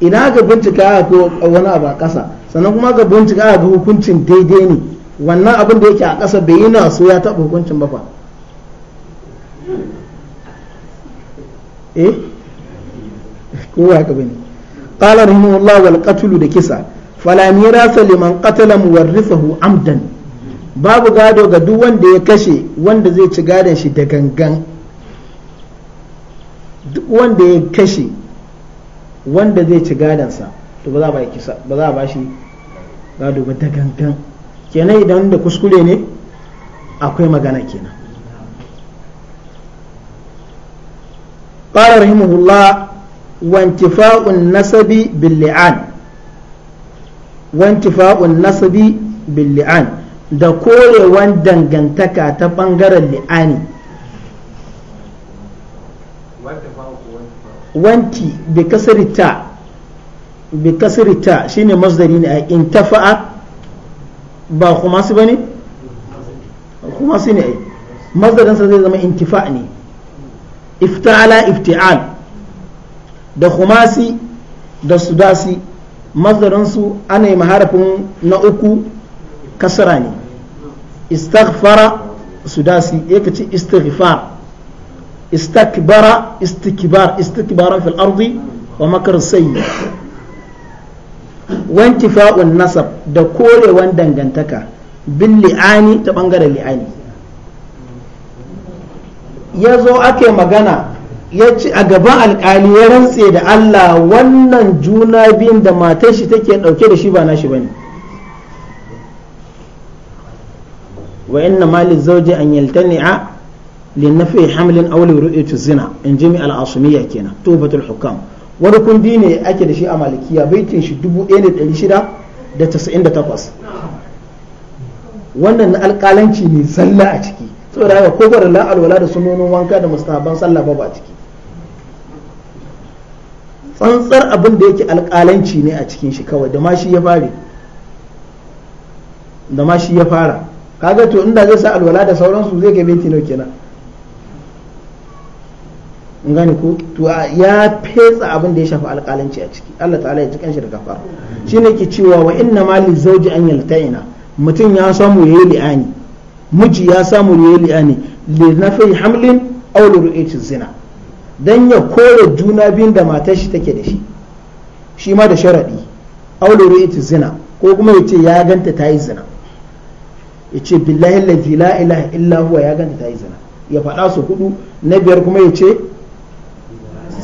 ina ga bincika ko wani abu a ƙasa sannan kuma ga bincika ga hukuncin daidai ne wannan abin da yake a ƙasa bai yi na ya taɓa hukuncin ba fa eh kowa haka bane qala da kisa fala mirasa liman qatala muwarrithahu amdan babu gado ga duk wanda ya kashe wanda zai ci gadon shi da gangan duk wanda ya kashe wanda zai ci gadansa to ba za a ba shi gado ba da gangan kenan idan da kuskure ne akwai magana kenan قال رحمه wantifa'un nasabi النسب باللعان nasabi da korewan dangantaka ta ɓangaren li'ani wanti bi kasri bi kasri shine masdari ne a intafa'a ba kuma su bane kuma su ne ai masdarin sa zai zama intifa' ne ifta'ala ifti'al da khumasi da sudasi masdarin su ana yi maharafin na uku kasra ne istaghfara sudasi yake ci istighfar استكبر استكبار istikbara في الأرض ومكر makar وانتفاء wantifa'un nasab da korewan dangantaka bin li'ani ta bangaren li'ani ya zo ake magana ya ci a gaban alkali ya rantse da Allah wannan juna biyun da matar shi take dauke da shi ba nashi bane wa inna mali zauje an yaltani'a linnafi hamlin aure ru'yatu zina in jimi al kenan tubatul hukam wani kundi ne ake da shi a malikiya baitin shi 1698 wannan na alƙalanci ne zalla a ciki saboda haka ko la alwala da sunonon wanka da mustahaban sallah ba ba ciki tsantsar abin da yake alƙalanci ne a cikin shi kawai da ma shi ya fare da ma shi ya fara kaga to inda zai sa alwala da sauransu zai ga baiti nau kenan in ko to ya fetsa abin da ya shafi alƙalanci a ciki Allah ta'ala ya ji kanshi da gafara shine ke cewa wa inna ma li zawji an yaltaina mutum ya samu yayi li'ani miji ya samu yayi li'ani li nafi hamlin aw li ru'ati zina dan ya kore juna biyun da matar shi take da shi shi ma da sharadi aw li ru'ati zina ko kuma ya ce ya ganta ta yi zina ya ce billahi la ilaha illa huwa ya ganta ta yi zina ya faɗa su hudu na biyar kuma ya ce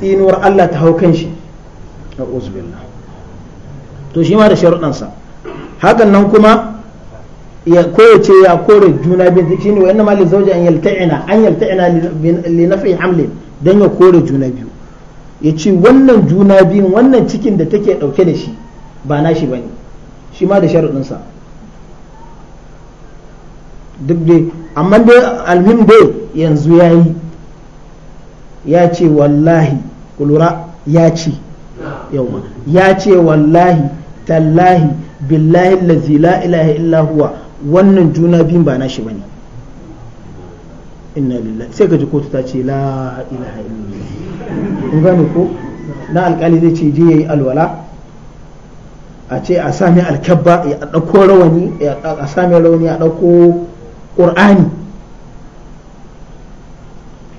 tsinuwar Allah ta hau kan shi to shi ma da sharuɗansa hakan nan kuma ya koyace ya kore juna biyu shine wa inna ma lizawji an yalta'ina an yalta'ina li naf'i hamlin dan ya kore juna biyu ya ce wannan juna biyun wannan cikin da take dauke da shi ba nashi ne shi ma da sharuɗinsa duk dai amma dai alhim dai yanzu yi ya ce wallahi Kulura ya ce yauma ya ce wallahi tallahi billahi lazi la ilaha illa huwa wannan juna biyun ba nashi bane inna lillahi sai ka ji kotu ta ce la ilaha illallah kun gane ko na alkali zai ce je yayi alwala a ce a sami alkabba ya dauko rawani a sami rawani a dauko qur'ani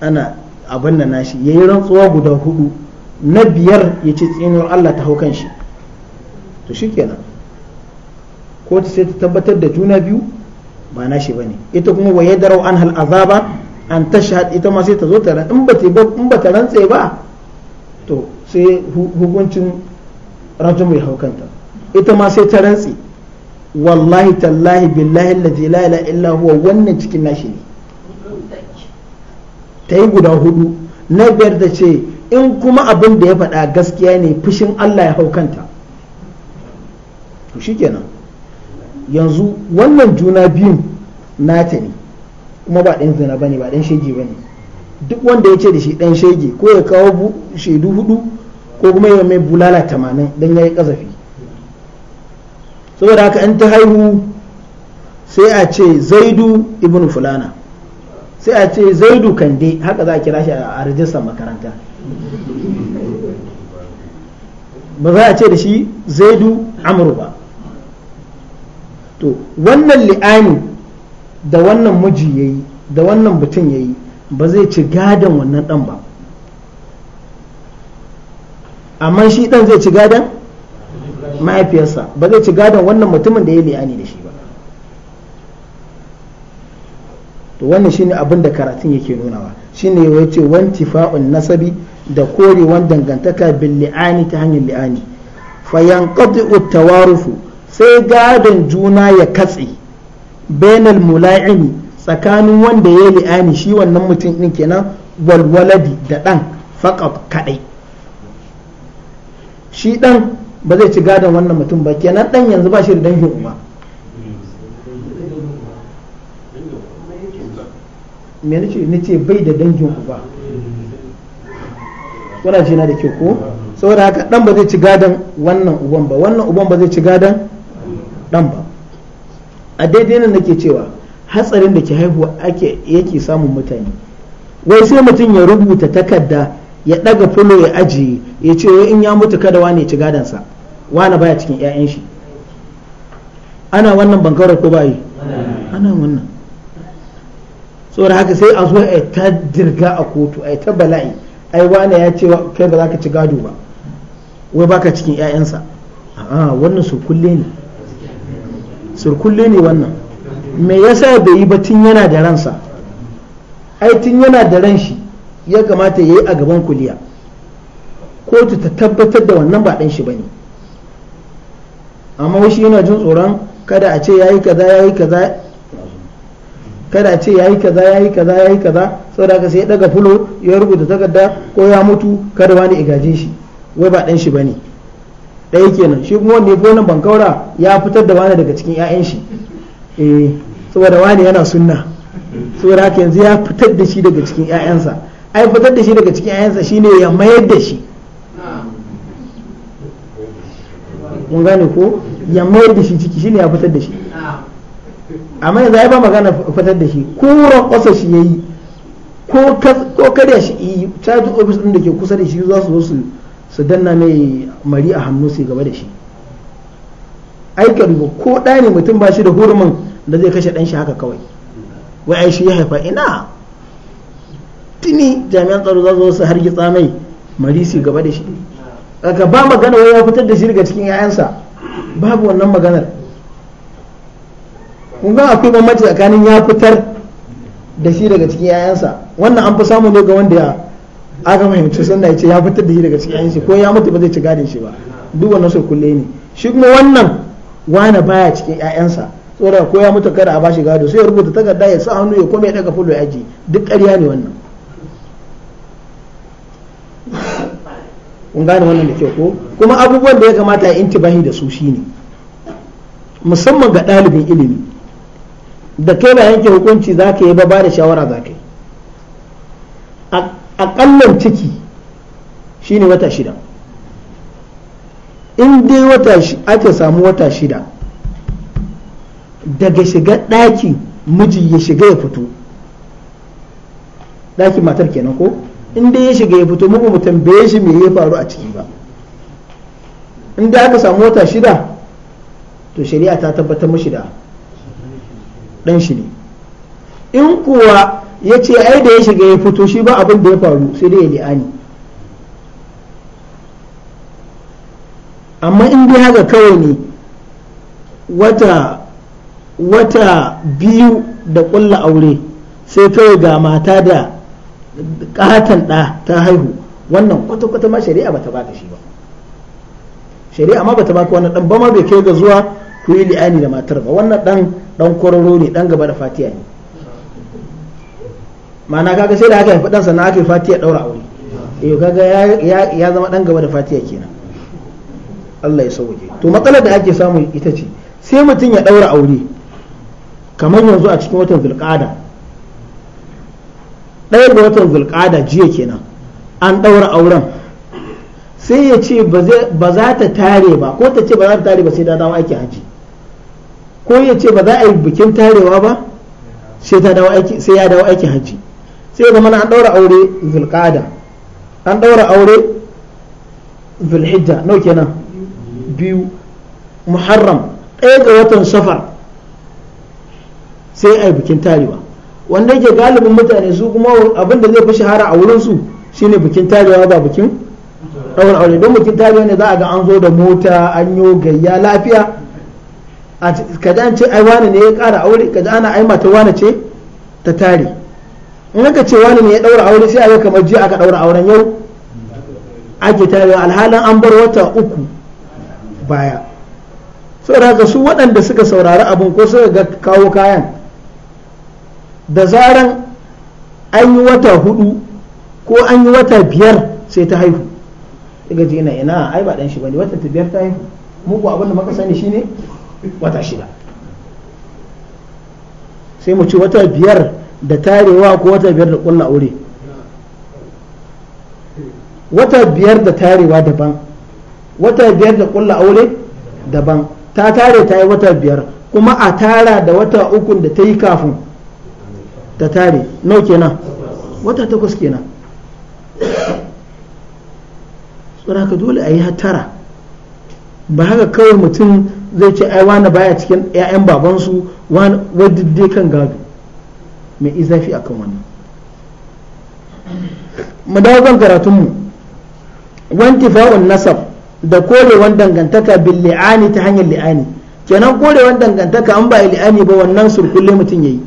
ana abin da nashi ya yi rantsuwa guda hudu na biyar ya ce tsinuwar Allah ta hau kan shi to shi kenan ta sai ta tabbatar da juna biyu ba nashi ba ne ita kuma waye da an hal azaba an tashhad ita ma sai ta zo ta in ba in ba ta rantse ba to sai hukuncin rajin mai hau kanta ita ma sai ta rantse wallahi tallahi billahi allazi la ilaha illa huwa wannan cikin nashi ne ta yi guda hudu na biyar da ce in kuma abin da ya faɗa gaskiya ne fushin Allah ya hau kanta to kenan yanzu wannan juna biyun nata ne kuma ba ɗan zina ba ne ba ɗan shege ne duk wanda ya ce da shi ɗan shege ko ya kawo shaidu hudu ko kuma ya mai bulala tamanin don ya yi ƙazafi saboda haka in ta haihu sai a ce zaidu ibn fulana sai a ce zaidu kande haka za a kira shi a rajistar makaranta ba za a ce da shi zaidu amru ba to wannan li'ani da wannan miji ya yi da wannan mutum ya yi ba zai ci gadon wannan dan ba amma shi dan zai ci gadon mahaifiyarsa ba zai ci gadon wannan mutumin da ya li'ani da shi ba to wannan shine abin da karatun yake nunawa shine ya ce wantifa'un nasabi da korewan dangantaka bin li'ani ta hanyar li'ani fayan tawarufu sai gadon juna ya katse bainal mula'ini tsakanin wanda ya li'ani shi wannan mutum din kenan walwaladi da dan faqat kadai shi dan ba zai ci gadon wannan mutum ba kenan dan yanzu ba shi da dangin uba me nace ce bai da dangin ku ba kuna ji na da ke ko saboda haka dan ba zai ci gadan wannan uban ba wannan uban ba zai ci gadan dan ba a daidai nan nake cewa hatsarin da ke haihuwa ake yake samun mutane wai sai mutum ya rubuta takarda ya daga fulo ya ajiye ya ce wai in ya mutu kada wane ci gadansa wane baya cikin 'ya'yan shi ana wannan bankarar ko bayi ana wannan saboda haka sai a zo a ta dirga a kotu a ta bala'i ai wane ya ce kai ba za ka ci gado ba wai baka cikin 'ya'yansa a'a wannan surkulle ne surkulle ne wannan me yasa bai yi ba tun yana da ransa ai tun yana da ran shi ya kamata ya yi a gaban kuliya kotu ta tabbatar da wannan ba ɗan shi ba ne amma wasu yana jin tsoron kada a ce ya yi kaza ya yi kaza kada ce yayi kaza yayi kaza yayi kaza saboda ka sai daga fulo ya rubuta takarda ko ya mutu kada wani ya gaje shi wai ba dan shi bane ɗaya kenan shi kuma wanda ya fi wannan bankaura ya fitar da wani daga cikin ƴaƴan shi eh saboda wani yana sunna saboda haka yanzu ya fitar da shi daga cikin 'ya'yansa ai fitar da shi daga cikin 'ya'yansa shine ya mayar da shi mun gane ko ya mayar da shi ciki shine ya fitar da shi amma yanzu ai ba magana fitar da shi ko wurin kwasa shi ya yi ko karya shi yi caji ofis ɗin da ke kusa da shi za su zo su danna mai mari a hannu su gaba da shi aika ko ɗaya ne mutum ba shi da hurumin da zai kashe ɗan shi haka kawai wai ai shi ya haifa ina tuni jami'an tsaro za su su hargitsa mai mari su gaba da shi ka ba magana wai ya fitar da shi daga cikin 'ya'yansa babu wannan maganar kun ga akwai bambanci tsakanin ya fitar da shi daga cikin yayansa wannan an fi samu ne ga wanda ya aka fahimci sannan ya ce ya fitar da shi daga cikin yayansa ko ya mutu ba zai ci gadin shi ba duk wannan sai kulle ne shi kuma wannan wani baya cikin yayansa saboda ko ya mutu kada a ba shi gado sai ya rubuta takarda ya sa hannu ya kuma ya daga fulo ya aji duk ƙarya ne wannan kun gane wannan da kyau ko kuma abubuwan da ya kamata a intibahi da su shine musamman ga ɗalibin ilimi da kai ba yanke hukunci za ka yi ba ba da shawara za ka yi ƙallon ciki shi ne wata shida in dai wata aka samu wata shida daga shiga ɗaki miji ya shiga ya fito ɗakin matar kenan ko in dai ya shiga ya fito muku mu tambaye shi me ya faru a ciki ba in dai aka samu wata shida to shari'a ta tabbatar mashi da dan shi ne in kuwa ya ce ai da ya shiga ya fito shi ba abin da ya faru sai dai ya li'ani amma in dai haka kawai ne wata wata biyu da ƙulla aure sai kawai ga mata da ƙatan ɗa ta haihu wannan kwata-kwata ma shari'a bata baka shi ba shari'a ma bata baka wannan ɗan ba ma bai kai ga zuwa ku yi li'ani da matar ba wannan dan dan kororo ne dan gaba da fatiya ne ma'ana kaga sai da haka ya fadan sannan haka fatiya daura aure eh kaga ya ya zama dan gaba da fatiya kenan Allah ya sauke to matsalar da ake samu ita ce sai mutum ya daura aure kamar yanzu a cikin watan zulqa'ada ɗaya da watan zulqa'ada jiya kenan an daura auren sai ya ce ba za ta tare ba ko ta ce ba za ta tare ba sai da dawo ake haji ko ya ce ba za a yi bikin tarewa ba sai ta dawo aiki sai ya dawo aikin hajji sai ya zama an daura aure zulqada an daura aure zulhijja nau kenan biyu muharram ɗaya ga watan safar sai a yi bikin tarewa wanda yake galibin mutane su kuma abin da zai fi shahara a wurin su shine bikin tarewa ba bikin ɗaura aure don bikin tarewa ne za a ga an zo da mota an yi gayya lafiya kada an ce ai wani ne ya ƙara aure kada ana ai mata wani ce ta tare in aka ce wani ne ya ɗaura aure sai a yi kamar jiya aka ɗaura auren yau ake tare alhalin an bar wata uku baya saboda su waɗanda suka saurari abin ko suka ga kawo kayan da zaran an yi wata hudu ko an yi wata biyar sai ta haihu daga jina ina ai ba dan shi bane wata ta biyar ta haihu mu ko abin da muka sani shine wata shida sai mu ci wata biyar da tarewa ko wata biyar da kulla aure wata biyar da tarewa daban wata biyar da kulla aure daban ta tare ta yi wata biyar kuma a tara da wata ukun da ta yi kafin ta tare nau kenan wata takwas kenan tsoraka dole a yi tara. ba haka kawai mutum zai ce ai wani baya cikin 'ya'yan babansu wadda dai kan gado mai izafi kan wani. mu dawo kan karatunmu fa'un nasab da korewan dangantaka bin li'ani ta hanyar li'ani kenan korewan dangantaka an ba li'ani ba wannan surkulle mutum ya yi.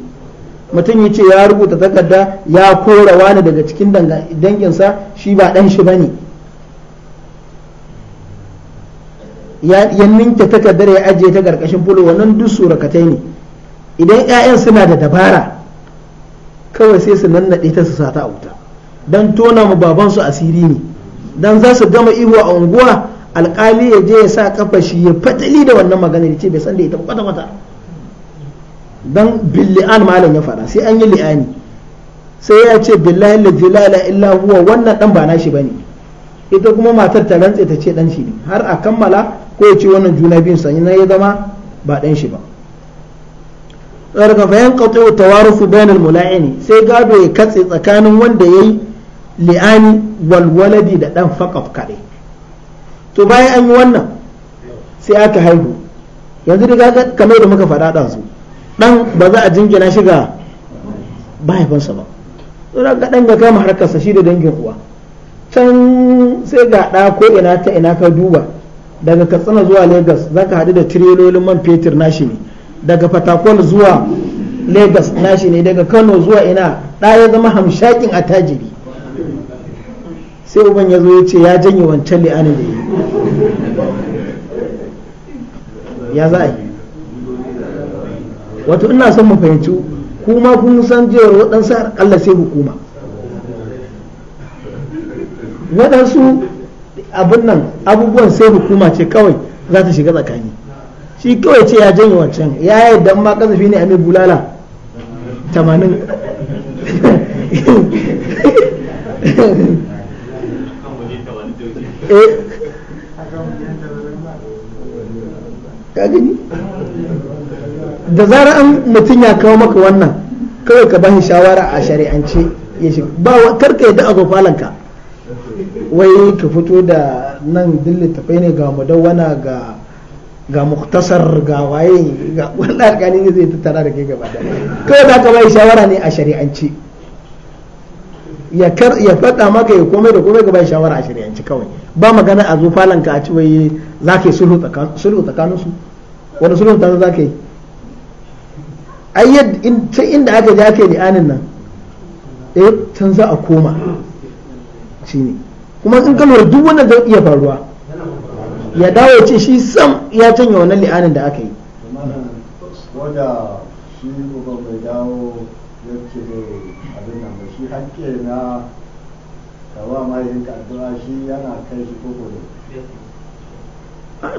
mutum ya ce ya rubuta takarda ya kora wani daga cikin danginsa shi ba dan shi ba ne. ya ninke takardar ya ajiye ta karkashin fulo wannan duk surakatai ne idan 'ya'yan suna da dabara kawai sai su nannaɗe ta su sata a wuta don tona mu babansu asiri ne don za su gama ihu a unguwa alkali ya je ya sa kafa shi ya fatali da wannan magana ya ce bai san da ita kwata kwata don billi'an malam ya fara sai an yi li'ani sai ya ce billahi ladzi la ilaha illa huwa wannan dan ba nashi bane ita kuma matar ta rantse ta ce dan shi ne har a kammala ko ya ce wannan juna biyun sanyi na ya zama ba ɗan shi ba tsarka bayan qati'u tawarufu bainal mula'ini sai gado ya katse tsakanin wanda ya yi li'ani walwaladi da ɗan faqaf kare to bayan an yi wannan sai aka haihu yanzu da kamar da muka faɗa ɗansu ɗan ba za a jingina shi ga mahaifinsa ba tsoron ga ɗan ga kama harkarsa shi da dangin uwa can sai ga ɗa ko ina ta ina ka duba daga katsina zuwa lagos za ka haɗu da tirelolin man fetur nashi ne daga fatakwal zuwa lagos nashi ne daga kano zuwa ina ɗaya zama hamshakin a tajiri? sai uban ya zo ya ce ya janye wancan li'ani da yi ya za a yi wato ina son mu fahimci kuma kun san jiyar waɗansu Allah sai hukuma waɗansu abin nan abubuwan sai hukuma ce kawai za ta shiga tsakani shi kawai ce ya janye wancan ya dan ma kazafi ne a mai bulala 80 eh. da zarar an mutum ya kawo maka wannan kawai ka bashi shawara a shari'ance ya shiga ba karka yadda a zo wai ka fito da nan duk littafai ne ga madawana ga ga muktasar ga waye ga wanda alƙali ne zai tattara da ke gaba kawai za ka bai shawara ne a shari'anci ya faɗa maka ya komai da komai ka bai shawara a shari'anci kawai ba magana a zo ka a ci wai za ka yi sulhu tsakanin su wani sulhu ta za ka yi ayyad inda aka ja ke li'anin nan eh tun za a koma shine kuma sun kalwar duk wanda zai iya faruwa ya dawo ce shi sam ya canya wannan li'anin da aka yi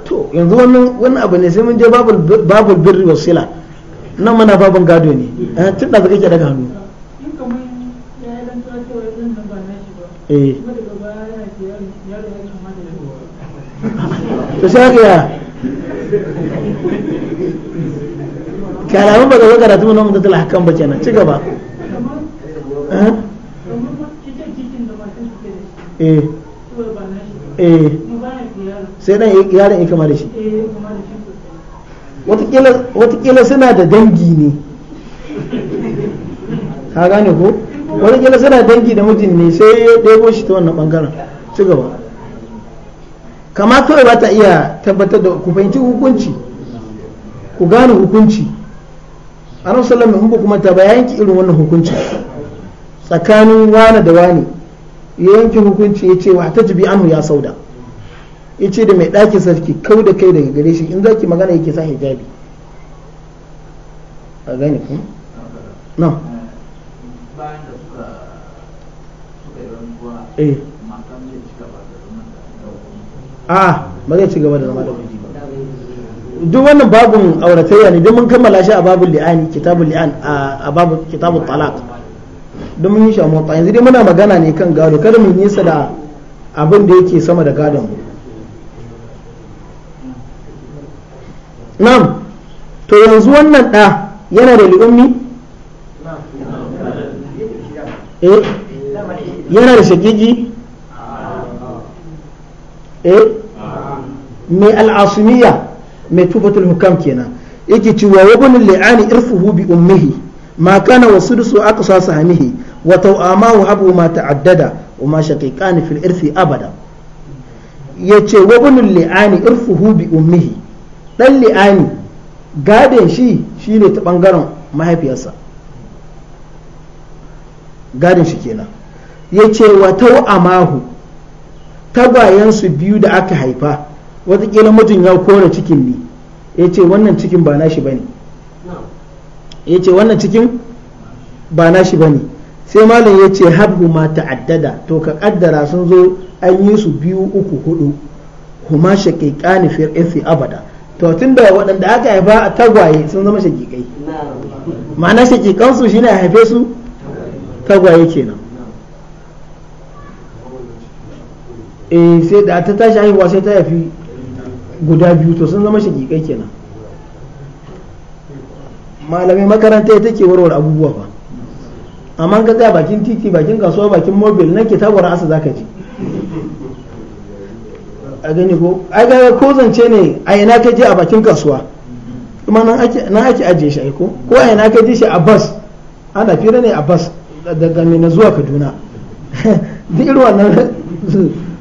to yanzu wannan wani abu ne sai mun je babul birri wasila nan mana babun gado ne eh, tun da ke daga hannu eh to sai aka yaya kalamin ba ka zo karatu na mutum tala hakan ba kenan ci gaba eh? Eh. eh sai dan yaron ya kama da shi watakila suna da dangi ne ka gane ko watakila suna da dangi da mijin ne sai ya ɗebo shi ta wannan bangaren ci gaba kama kawai ba ta iya tabbatar da ku fahimci hukunci ku gane hukunci annabi sallallahu alaihi kuma ta ya ki irin wannan hukunci tsakanin wane da wane ya yanke hukunci ya ce wa ta jibi anu ya sauda ya ce da mai ɗakin sarki kau da kai daga gare shi in za ki magana yake sa hijabi a gane ku na bayan da suka suka yi rantuwa eh. a ah, ba zai ci gaba da zama da ba duk wannan babun auratayya ne don mun kammala shi a babun li'ani kitabun li'an a babun kitabun talaq don mun yi shi a mota yanzu dai muna magana ne kan gado kada mu nisa da abin da yake sama da gadon nam to yanzu wannan da yana da li'ummi eh. yana da shakiki E? Eh? mai al'asumiya mai tufatul hukam kenan yake cewa wa bunul li'ani irfuhu bi ummihi ma kana sa sa hamihi. wa tawamahu abu ma ta'addada wa ma shaqiqan fil irfi abada yace wa bunul li'ani irfuhu bi ummihi dan li'ani gadin shi shine ta bangaren mahaifiyarsa gadin shi kenan yace wa amahu tagwayensu biyu da aka haifa watakila mijin ya kore cikin ne ya ce wannan cikin ba nashi ba ne ya ce wannan cikin ba nashi ba ne sai malam ya ce habhu ma ta'addada to ka kaddara sun zo an yi su biyu uku hudu kuma shaqiqani fi irsi abada to tunda waɗanda aka haifa a tagwaye sun zama shaqiqai ma'ana shaqiqan su shine a haife su tagwaye kenan eh sai da ta tashi haihuwa sai ta haifi guda biyu to sun zama shakikai kenan malamai makaranta ita ke warware abubuwa ba amma ka tsaya bakin titi bakin kasuwa bakin mobil nan ke tabar asa zaka ji a gani ko a ga ko zance ne a ina ka je a bakin kasuwa kuma nan ake ajiye shi ko ko a ina ka je shi a bus ana fira ne a bus daga na zuwa Kaduna duk irin wannan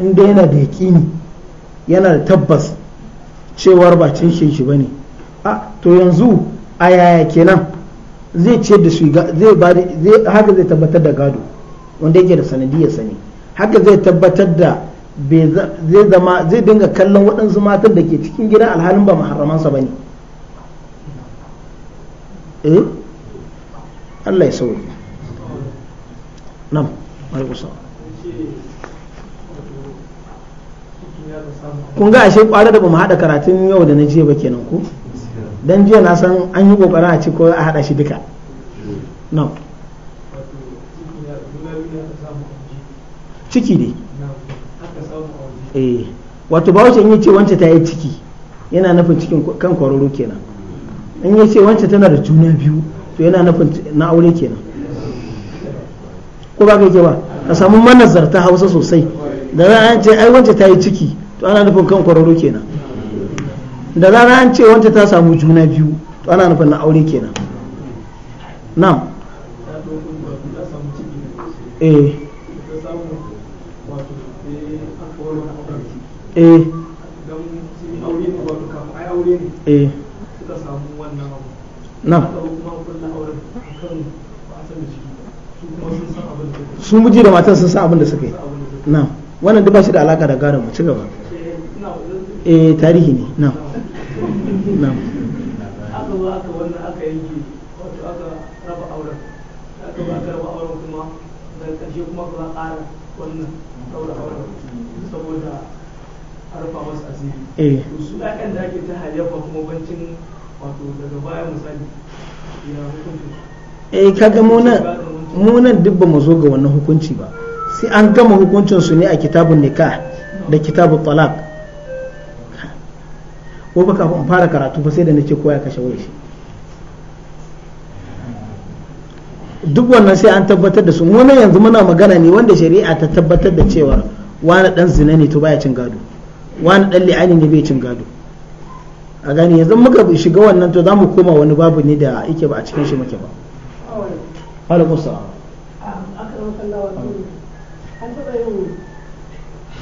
in dai yana da yakini yana da tabbas cewar ba cinshin shi bane a to yanzu a yaya kenan zai ce da su zai ba haka zai tabbatar da gado wanda yake da sanadiyar sani haka zai tabbatar da zai zama zai dinga kallon waɗansu matan da ke cikin gida alhalin ba maharamansa ba ne eh Allah ya sauri nan kusa kun ga ashe kwarar da bamu hada karatun yau da na jiya ba kenan ku. dan jiya na san an yi kokarin a ci ko a hada shi duka no ciki ne eh wato ba wace in yi ce wance ta yi ciki yana nufin cikin kan kwararo kenan in yi ce wance tana da juna biyu to yana nufin na aure kenan ko ba kai ke ba ka samu manazarta hausa sosai da za a ce ai wance ta yi ciki to ana nufin kan kwararo kenan da rana an ce wancan ta samu juna biyu to ana nufin na aure kenan eh eh eh nan sun miji da matan sun san abin da suka yi na wannan duk ba shi da alaka da gadon mu ci gaba eh tarihi ne na na aka ba aka wannan aka yanke wato aka raba auren aka ba aka raba auren kuma daga ƙarshe kuma ba ƙara wannan daura auren saboda harfa masu asiri eh. su ɗakan da ake ta hayyafa kuma bancin wato daga baya misali ya hukunci eh kaga mu nan duk ba mu zo ga wannan hukunci ba sai an gama hukuncin su ne a kitabun nikah da kitabun talaq ko ba kafin fara karatu ba sai da nake koya kashe wayar shi duk wannan sai an tabbatar da su mu ne yanzu muna magana ne wanda shari'a ta tabbatar da cewa wani dan zina ne to baya cin gado wani dan li'ani ne bai cin gado a gani yanzu muka shiga wannan to zamu koma wani babu ne da yake ba a cikin shi muke ba alaikum salam an taba yin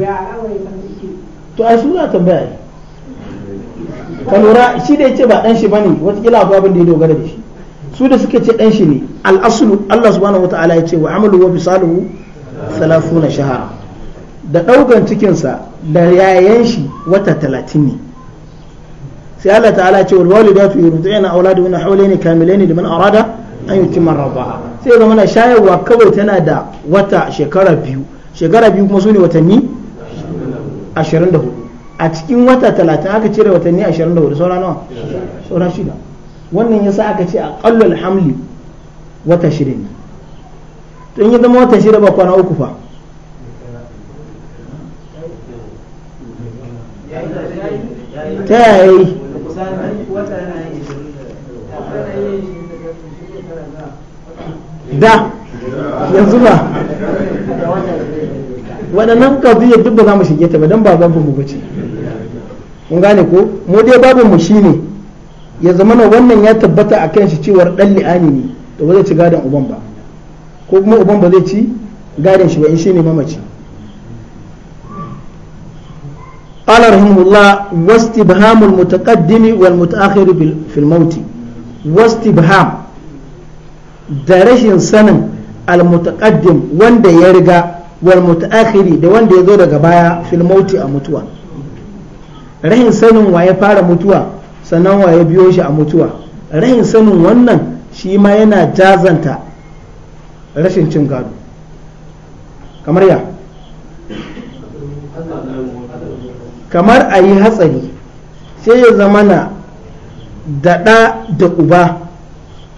yake ai su tambaya ka lura shi da yace ba dan shi bane watakila akwai abin da ya dogara da shi su da suka ce dan shi ne al'asulu Allah subhanahu wataala ya ce wa amalu wa bisaluhu salafuna shahara da daukan sa da yayan shi wata talatin ne sai Allah ta'ala ce wal walidatu yurdi'na auladuhunna hawlayn kamilayn liman arada an yutimma rabbaha sai ga mana shayarwa kawai tana da wata shekara biyu shekara biyu kuma sune watanni 24 a cikin wata 30 aka cire watanni 24 saura nawa saura shida wannan yasa aka ce aqallul hamli wata shida ne to in ya zama wata shida ba kwana uku fa ta yayi da yanzu ba waɗannan ƙaziyar duk ba za mu shige ta ba don ba za mu ce kun gane ko mu dai babu mu shine ya zama na wannan ya tabbata a kan shi cewar ɗan li'ani ne to ba zai ci gadon uban ba ko kuma uban ba zai ci gadon shi ba in shi ne mamaci قال رحمه الله واستبهام المتقدم والمتأخر في الموت واستبهام درشن سنن المتقدم وند يرجع والمتأخر ده وند يزور غبايا في الموت أموتوا رحن سنن وهي فار متوا سنن وهي بيوش أموتوا رحن سنن ونن shi ma yana jazanta rashin cin gado kamar ya kamar a yi hatsari sai ya zama na daɗa da uba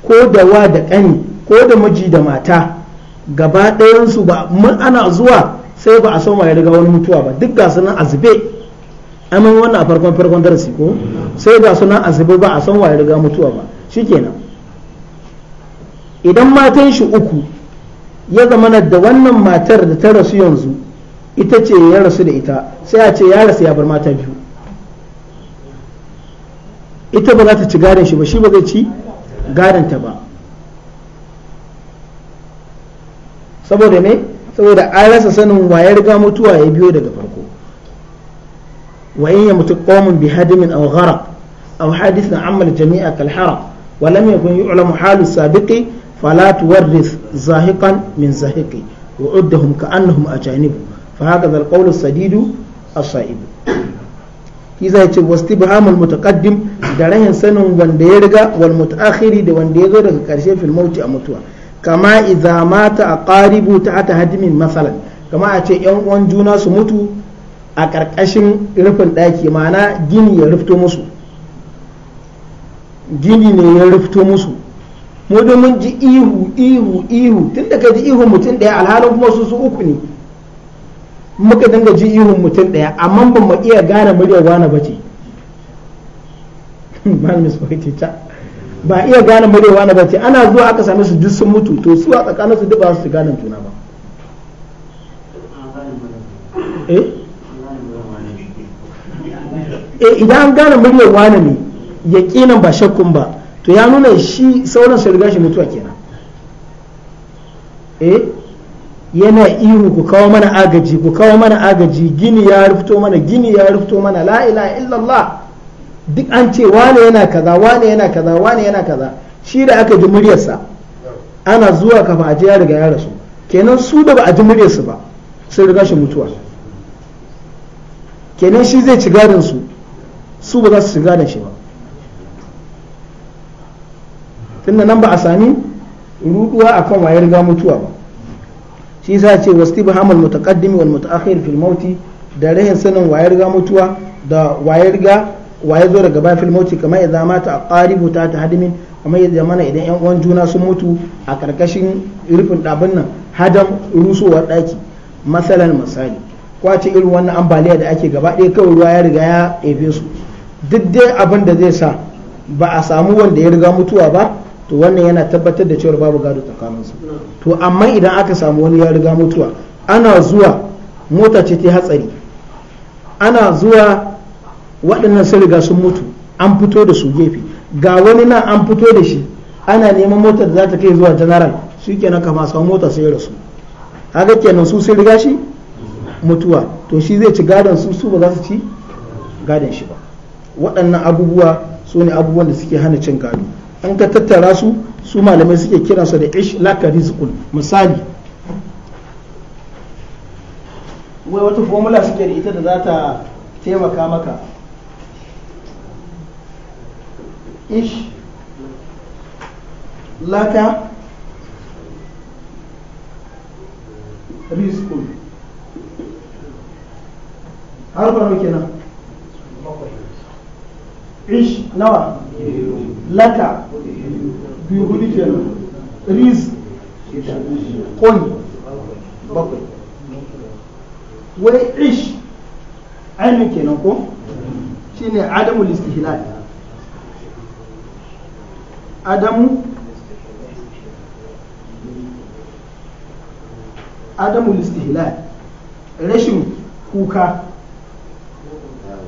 ko da wa da ƙani ko da maji da mata gaba ɗayansu ba mun ana zuwa sai ba a soma ya riga wani mutuwa ba duk gasu nan azube amin wannan a farkon farkon darasi ko sai gasu nan azube ba a san ya riga mutuwa ba shikenan idan matan shi uku ya zama da wannan matar da ta rasu yanzu ita ce ya rasu da ita sai a ce ya rasu ya bar mata biyu ita ba za ta ci gadon shi ba shi ba zai ci gadon ta ba saboda me saboda an rasa sanin wa ya riga mutuwa ya biyo daga farko wa in ya mutu qawmun bi hadimin aw gharaq aw hadithan amal jami'a kal haraq wa lam yakun yu'lamu halu sabiqi fala tuwarris zahiqan min zahiqi wa uddahum ka'annahum ajanib fa haka zal qawlu sadidu as-sa'ib kiza yace wastibhamul mutaqaddim da rahin sanin wanda ya riga wal mutaakhiri da wanda ya zo daga karshe fil a mutuwa kama idza mata aqaribu ta hadmin masalan kama a ce yan uwan juna su mutu a ƙarƙashin rufin ɗaki ma'ana gini ya rufto musu gini ne ya rufto musu mu mun ji ihu ihu ihu tun da ji ihu mutum ɗaya alhalin kuma su uku ne muka dinga ji ihun mutum ɗaya amma ba mu iya gane muryar wani ba ce ba iya gane muryar wani ba ce ana zuwa aka same su duk sun mutu to su a tsakanin su duk ba su gane juna ba eh, eh idan an gane muryar wani ne yaƙinan ba shakkun ba to ya nuna shi sauran su riga shi mutuwa kenan eh yana ihu ku kawo mana agaji ku kawo mana agaji gini ya rufto mana gini ya rufto mana la ilaha illallah duk an ce wane yana kaza wane yana kaza wane yana kaza shi da aka ji muryarsa ana zuwa kafa a ya riga ya rasu kenan su da ba a ji muryarsu ba sun riga shi mutuwa kenan shi zai ci gadon su su ba za su ci gadon shi ba tunda nan ba a sami ruduwa akan wayar ga mutuwa ba shi sa ce wastibham al mutaqaddim wal mutaakhir fil mauti da rahin sanin waye riga mutuwa da waye riga waye zo daga bayan fil ya kamar idan mata aqaribu ta hadimin kamar yadda mana idan yan uwan juna sun mutu a karkashin rufin ɗabin nan hadam rusuwar ɗaki masalan misali a ce irin wannan ambaliya da ake gaba ɗaya kawai ruwa ya riga ya efe su duk dai abin da zai sa ba a samu wanda ya riga mutuwa ba to wannan yana tabbatar da cewar babu gado tsakaninsu to amma idan aka samu wani ya riga mutuwa ana zuwa mota ce ta hatsari ana zuwa waɗannan sun riga sun mutu an fito da su gefe ga wani nan an fito da shi ana neman mota da za ta kai zuwa janaral su kenan kama samu mota sai rasu haka kenan su sun riga shi mutuwa to shi zai ci gadon su su ba za su ci gadon shi ba waɗannan abubuwa su ne abubuwan da suke hana cin gado an ka tattara su su malamai suke kiransa da ish laka rizqun misali wai wata formula suke da ita da za ta taimaka maka ish laka rizqun har ba kenan ish nawa laka biyu hudu kenan riz kun bakwai wai ish ainihin kenan ko shine adamul istihlal adamu adamul istihlal rashin kuka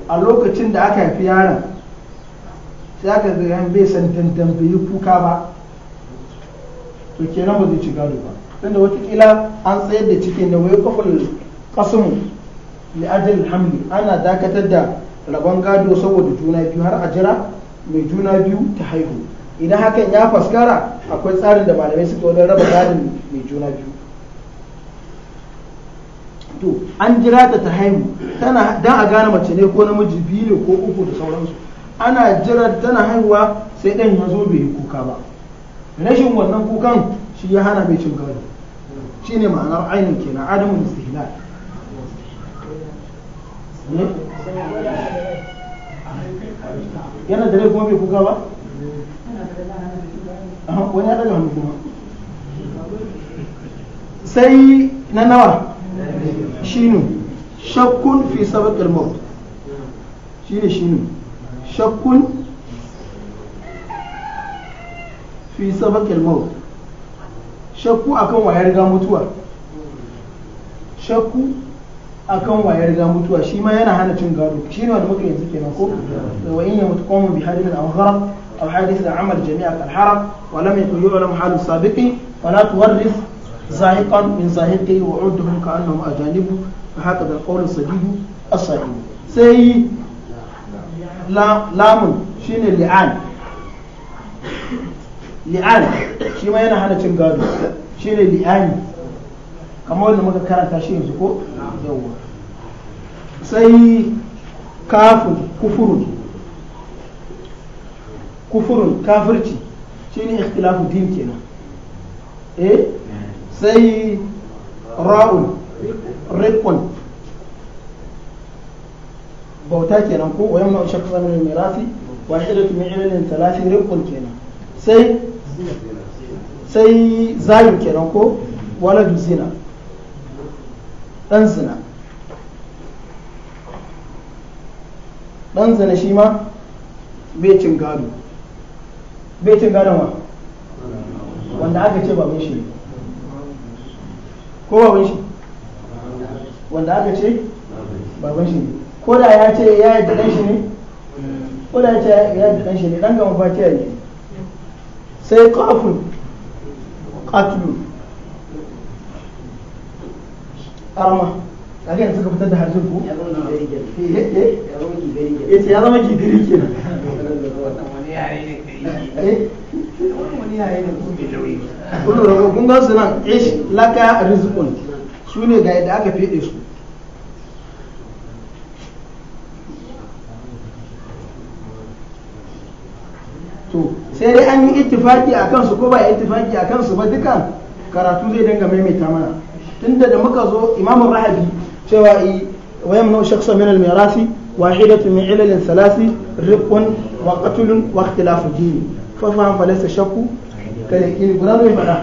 a lokacin da aka haifi yaron sai aka ga bai san yi kuka ba to kenan ba zai ci gado ba tunda watakila an tsayar da ciki da wai kafal kasumu li'ajil hamli ana dakatar da rabon gado saboda juna biyu har a jira mai juna biyu ta haihu idan hakan ya faskara akwai tsarin da malamai suka wajen raba gadon mai juna biyu to an jira ta ta haihu tana dan a gane mace ne ko namiji biyu ne ko uku da sauransu ana jiran tana haihuwa sai ɗan ya zo bai yi kuka ba rashin wannan kukan shi ya hana mai cin gado shi ne ma'anar ainihin kenan adamu istihlal hmm? yana da rai kuma kuka ba wani ya daga hannu kuma sai na nawa ne shakkun fi sabakar maut shi ne shi ne? شك في سبك الموت شك أكون وهرجع متوا شك أكون وهرجع متوا شيء ما أنا هنا تنقلوا شيء ما دمك يزكي نقول وإن يموت قوم بحادث أو غرق أو حادث عمل جميع الحرب ولم يكن يعلم حال السابق ولا تورث زاهقا من زاهقه وعدهم كأنهم أجانب فهكذا القول الصديق الصحيح سي lamun shine li'an li'an shi ma yana hana cin gado shine li'ani kamar wanda muka karanta shi yanzu ko yawwa sai kafin kufurun kufurun kafirci shine ikhtilafu din kenan eh sai ra'un rikon bauta kenan ko wayan ma shakka zamin mirasi wa hidatu min ilmin talafi ribun kenan sai sai zayin kenan ko wala zina dan zina dan zina shi ma bai cin gado gado ma wanda aka ce shi ko shi wanda aka ce baban shi ne ko da ya ce ya yi dan shi ne ko da ya ce ya yadda shi ne dan gama ne sai qafun qatlu arma suka fitar da harshen ku ya zama eh, eh. ya zama kun ga su nan ish laka su ne ga yadda aka fede su to sai dai an yi ittifaki a kansu ko ba ittifaki a kansu ba duka karatu zai danga maimaita mana tunda da muka zo imamu rahabi cewa i wayan nau shakhsa min al mirasi wahidatu min ilalin salasi riqqun wa qatlun wa ikhtilafu dini fa faham fa laysa shakku kale ki guda zai fada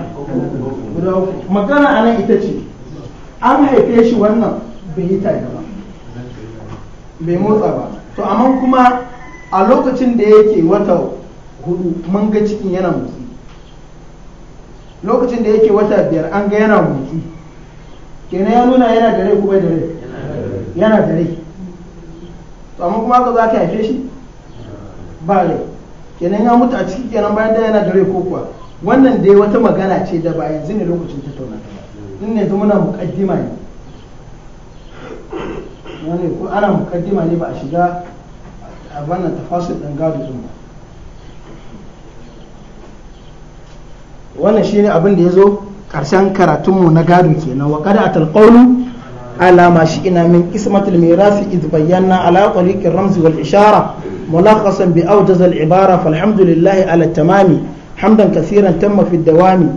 guda magana anan ita ce an haife shi wannan bai yi tare ba bai motsa ba to amma kuma a lokacin da yake wata hudu mun ga cikin yana motsi lokacin da yake wata biyar an ga yana motsi kenan ya nuna yana da rai kuma da rai yana da rai to amma kuma ka za ka haife shi ba rai kenan ya mutu a ciki kenan bayan da yana da rai ko kuwa wannan dai wata magana ce da ba yanzu ne lokacin tattauna ta ba in yanzu mukaddima ne wani ko ana mukaddima ne ba a shiga a wannan tafasir ɗin gado ɗin ba wannan shi ne abin da ya zo ƙarshen karatunmu na gado kenan nan wa ƙada a talƙonu alama shi ina min ismatul mirasi iz bayyana ala ƙwariƙin ramzi wal ishara mulaƙasan bi au jazal ibara falhamdulillahi ala hamdan kasiran tamma fi dawami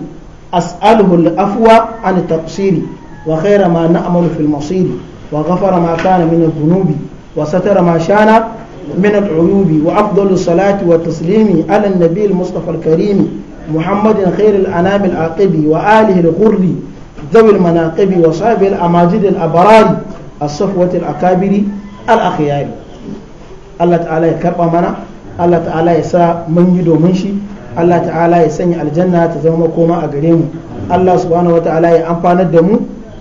as'aluhu al afwa an tafsiri wa kaira ma na'malu fil masiri wa gafara ma kana min ad wa satara mashana ma shana من العيوب وأفضل الصلاة والتسليم على النبي المصطفى الكريم محمد خير الأنام العاقب وآله الغر ذوي المناقب وصحبه الأماجد الأبرار الصفوة الأكابر الأخيار الله تعالى يكرب منا الله تعالى يسا من يدو منشي الله تعالى يسني الجنة تزوم كوما أقريمو الله سبحانه وتعالى يأمفانا الدمو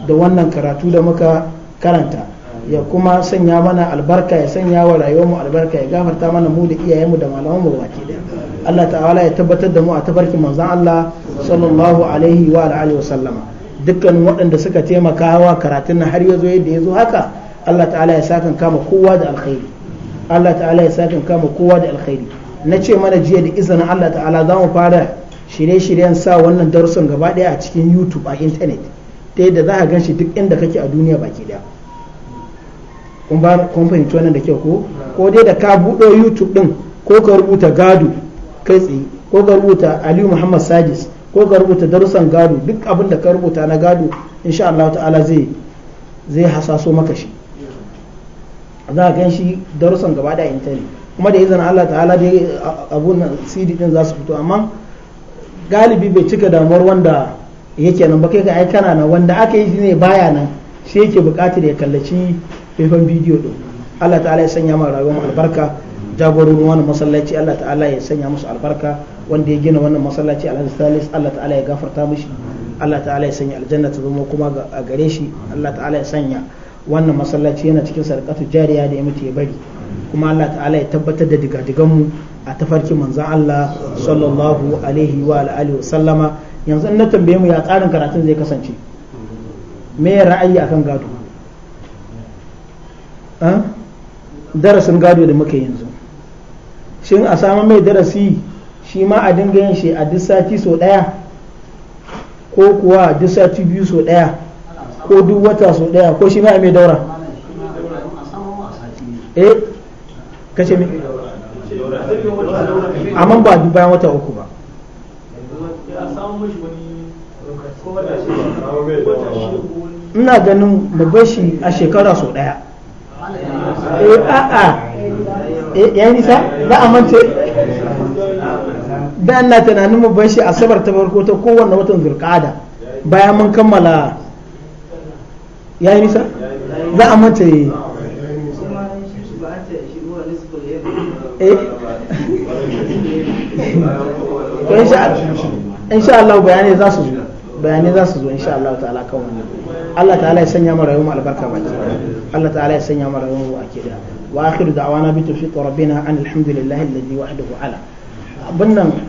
دوانا كراتو دمكا كرنتا ya kuma sanya mana albarka ya sanya wa rayuwarmu albarka ya gafarta mana mu da iyayenmu da malamanmu baki daya Allah ta'ala ya tabbatar da mu a tafarkin manzon Allah sallallahu alaihi wa alihi wa sallama dukkan waɗanda suka taimaka wa karatun har ya zo yadda ya zo haka Allah ta'ala ya sakan kama kowa da alkhairi Allah ta'ala ya sakan kama kowa da alkhairi na ce mana jiya da izinin Allah ta'ala za mu fara shirye-shiryen sa wannan darussan gaba ɗaya a cikin YouTube a internet ta yadda za a gan shi duk inda kake a duniya baki ɗaya kun fahimci wannan da kyau ko ko dai da ka buɗo YouTube ɗin ko ka rubuta gado kai tsaye ko ka rubuta aliyu muhammad sajis ko ka rubuta darussan gado duk abin da ka rubuta na gado insha Allah ta'ala zai zai hasaso maka shi za ka gan shi darussan gaba da intani kuma da izinin Allah ta'ala dai abun CD din za su fito amma galibi bai cika damuwar wanda yake nan ba kai ka ai kana wanda aka yi shi ne baya nan shi yake bukatar ya kallaci faifan bidiyo din Allah ta'ala ya sanya ma rayuwar albarka jagororin wannan masallaci Allah ta'ala ya sanya musu albarka wanda ya gina wannan masallaci Alhaji Salis Allah ta'ala ya gafarta mishi Allah ta'ala ya sanya aljanna ta zama kuma a gare shi Allah ta'ala ya sanya wannan masallaci yana cikin sarkatu jariya da ya mutu ya bari kuma Allah ta'ala ya tabbatar da digadigan mu a tafarki manzon Allah sallallahu alaihi wa alihi wa sallama yanzu na tambaye mu ya tsarin karatun zai kasance me ra'ayi akan gado darasin gado da muke yanzu shin a samu mai darasi shi ma a dinga yin shi a duk sati sau ɗaya ko kuwa duk sati biyu sau ɗaya ko duk wata sau ɗaya ko shi ma a mai daura eh kashe mai amma ba duk bayan wata uku ba ina ganin mu bashi a shekara sau ɗaya eh a'a Eh, ya yi nisa za a mance da Allah tunanin mu bar shi asabar ta farko ta kowanne watan zulqa'ada bayan mun kammala ya yi nisa za a mance eh. eh. sha Allah bayanai za su zo bayanai za su zo insha Allah ta'ala kan wannan Allah ta'ala ya sanya mu rayuwar albarka baki Allah ta'ala ya sanya mu rayuwar mu da. wa akhiru da'wana bi tawfiq rabbina an alhamdulillahi alladhi wahdahu ala abin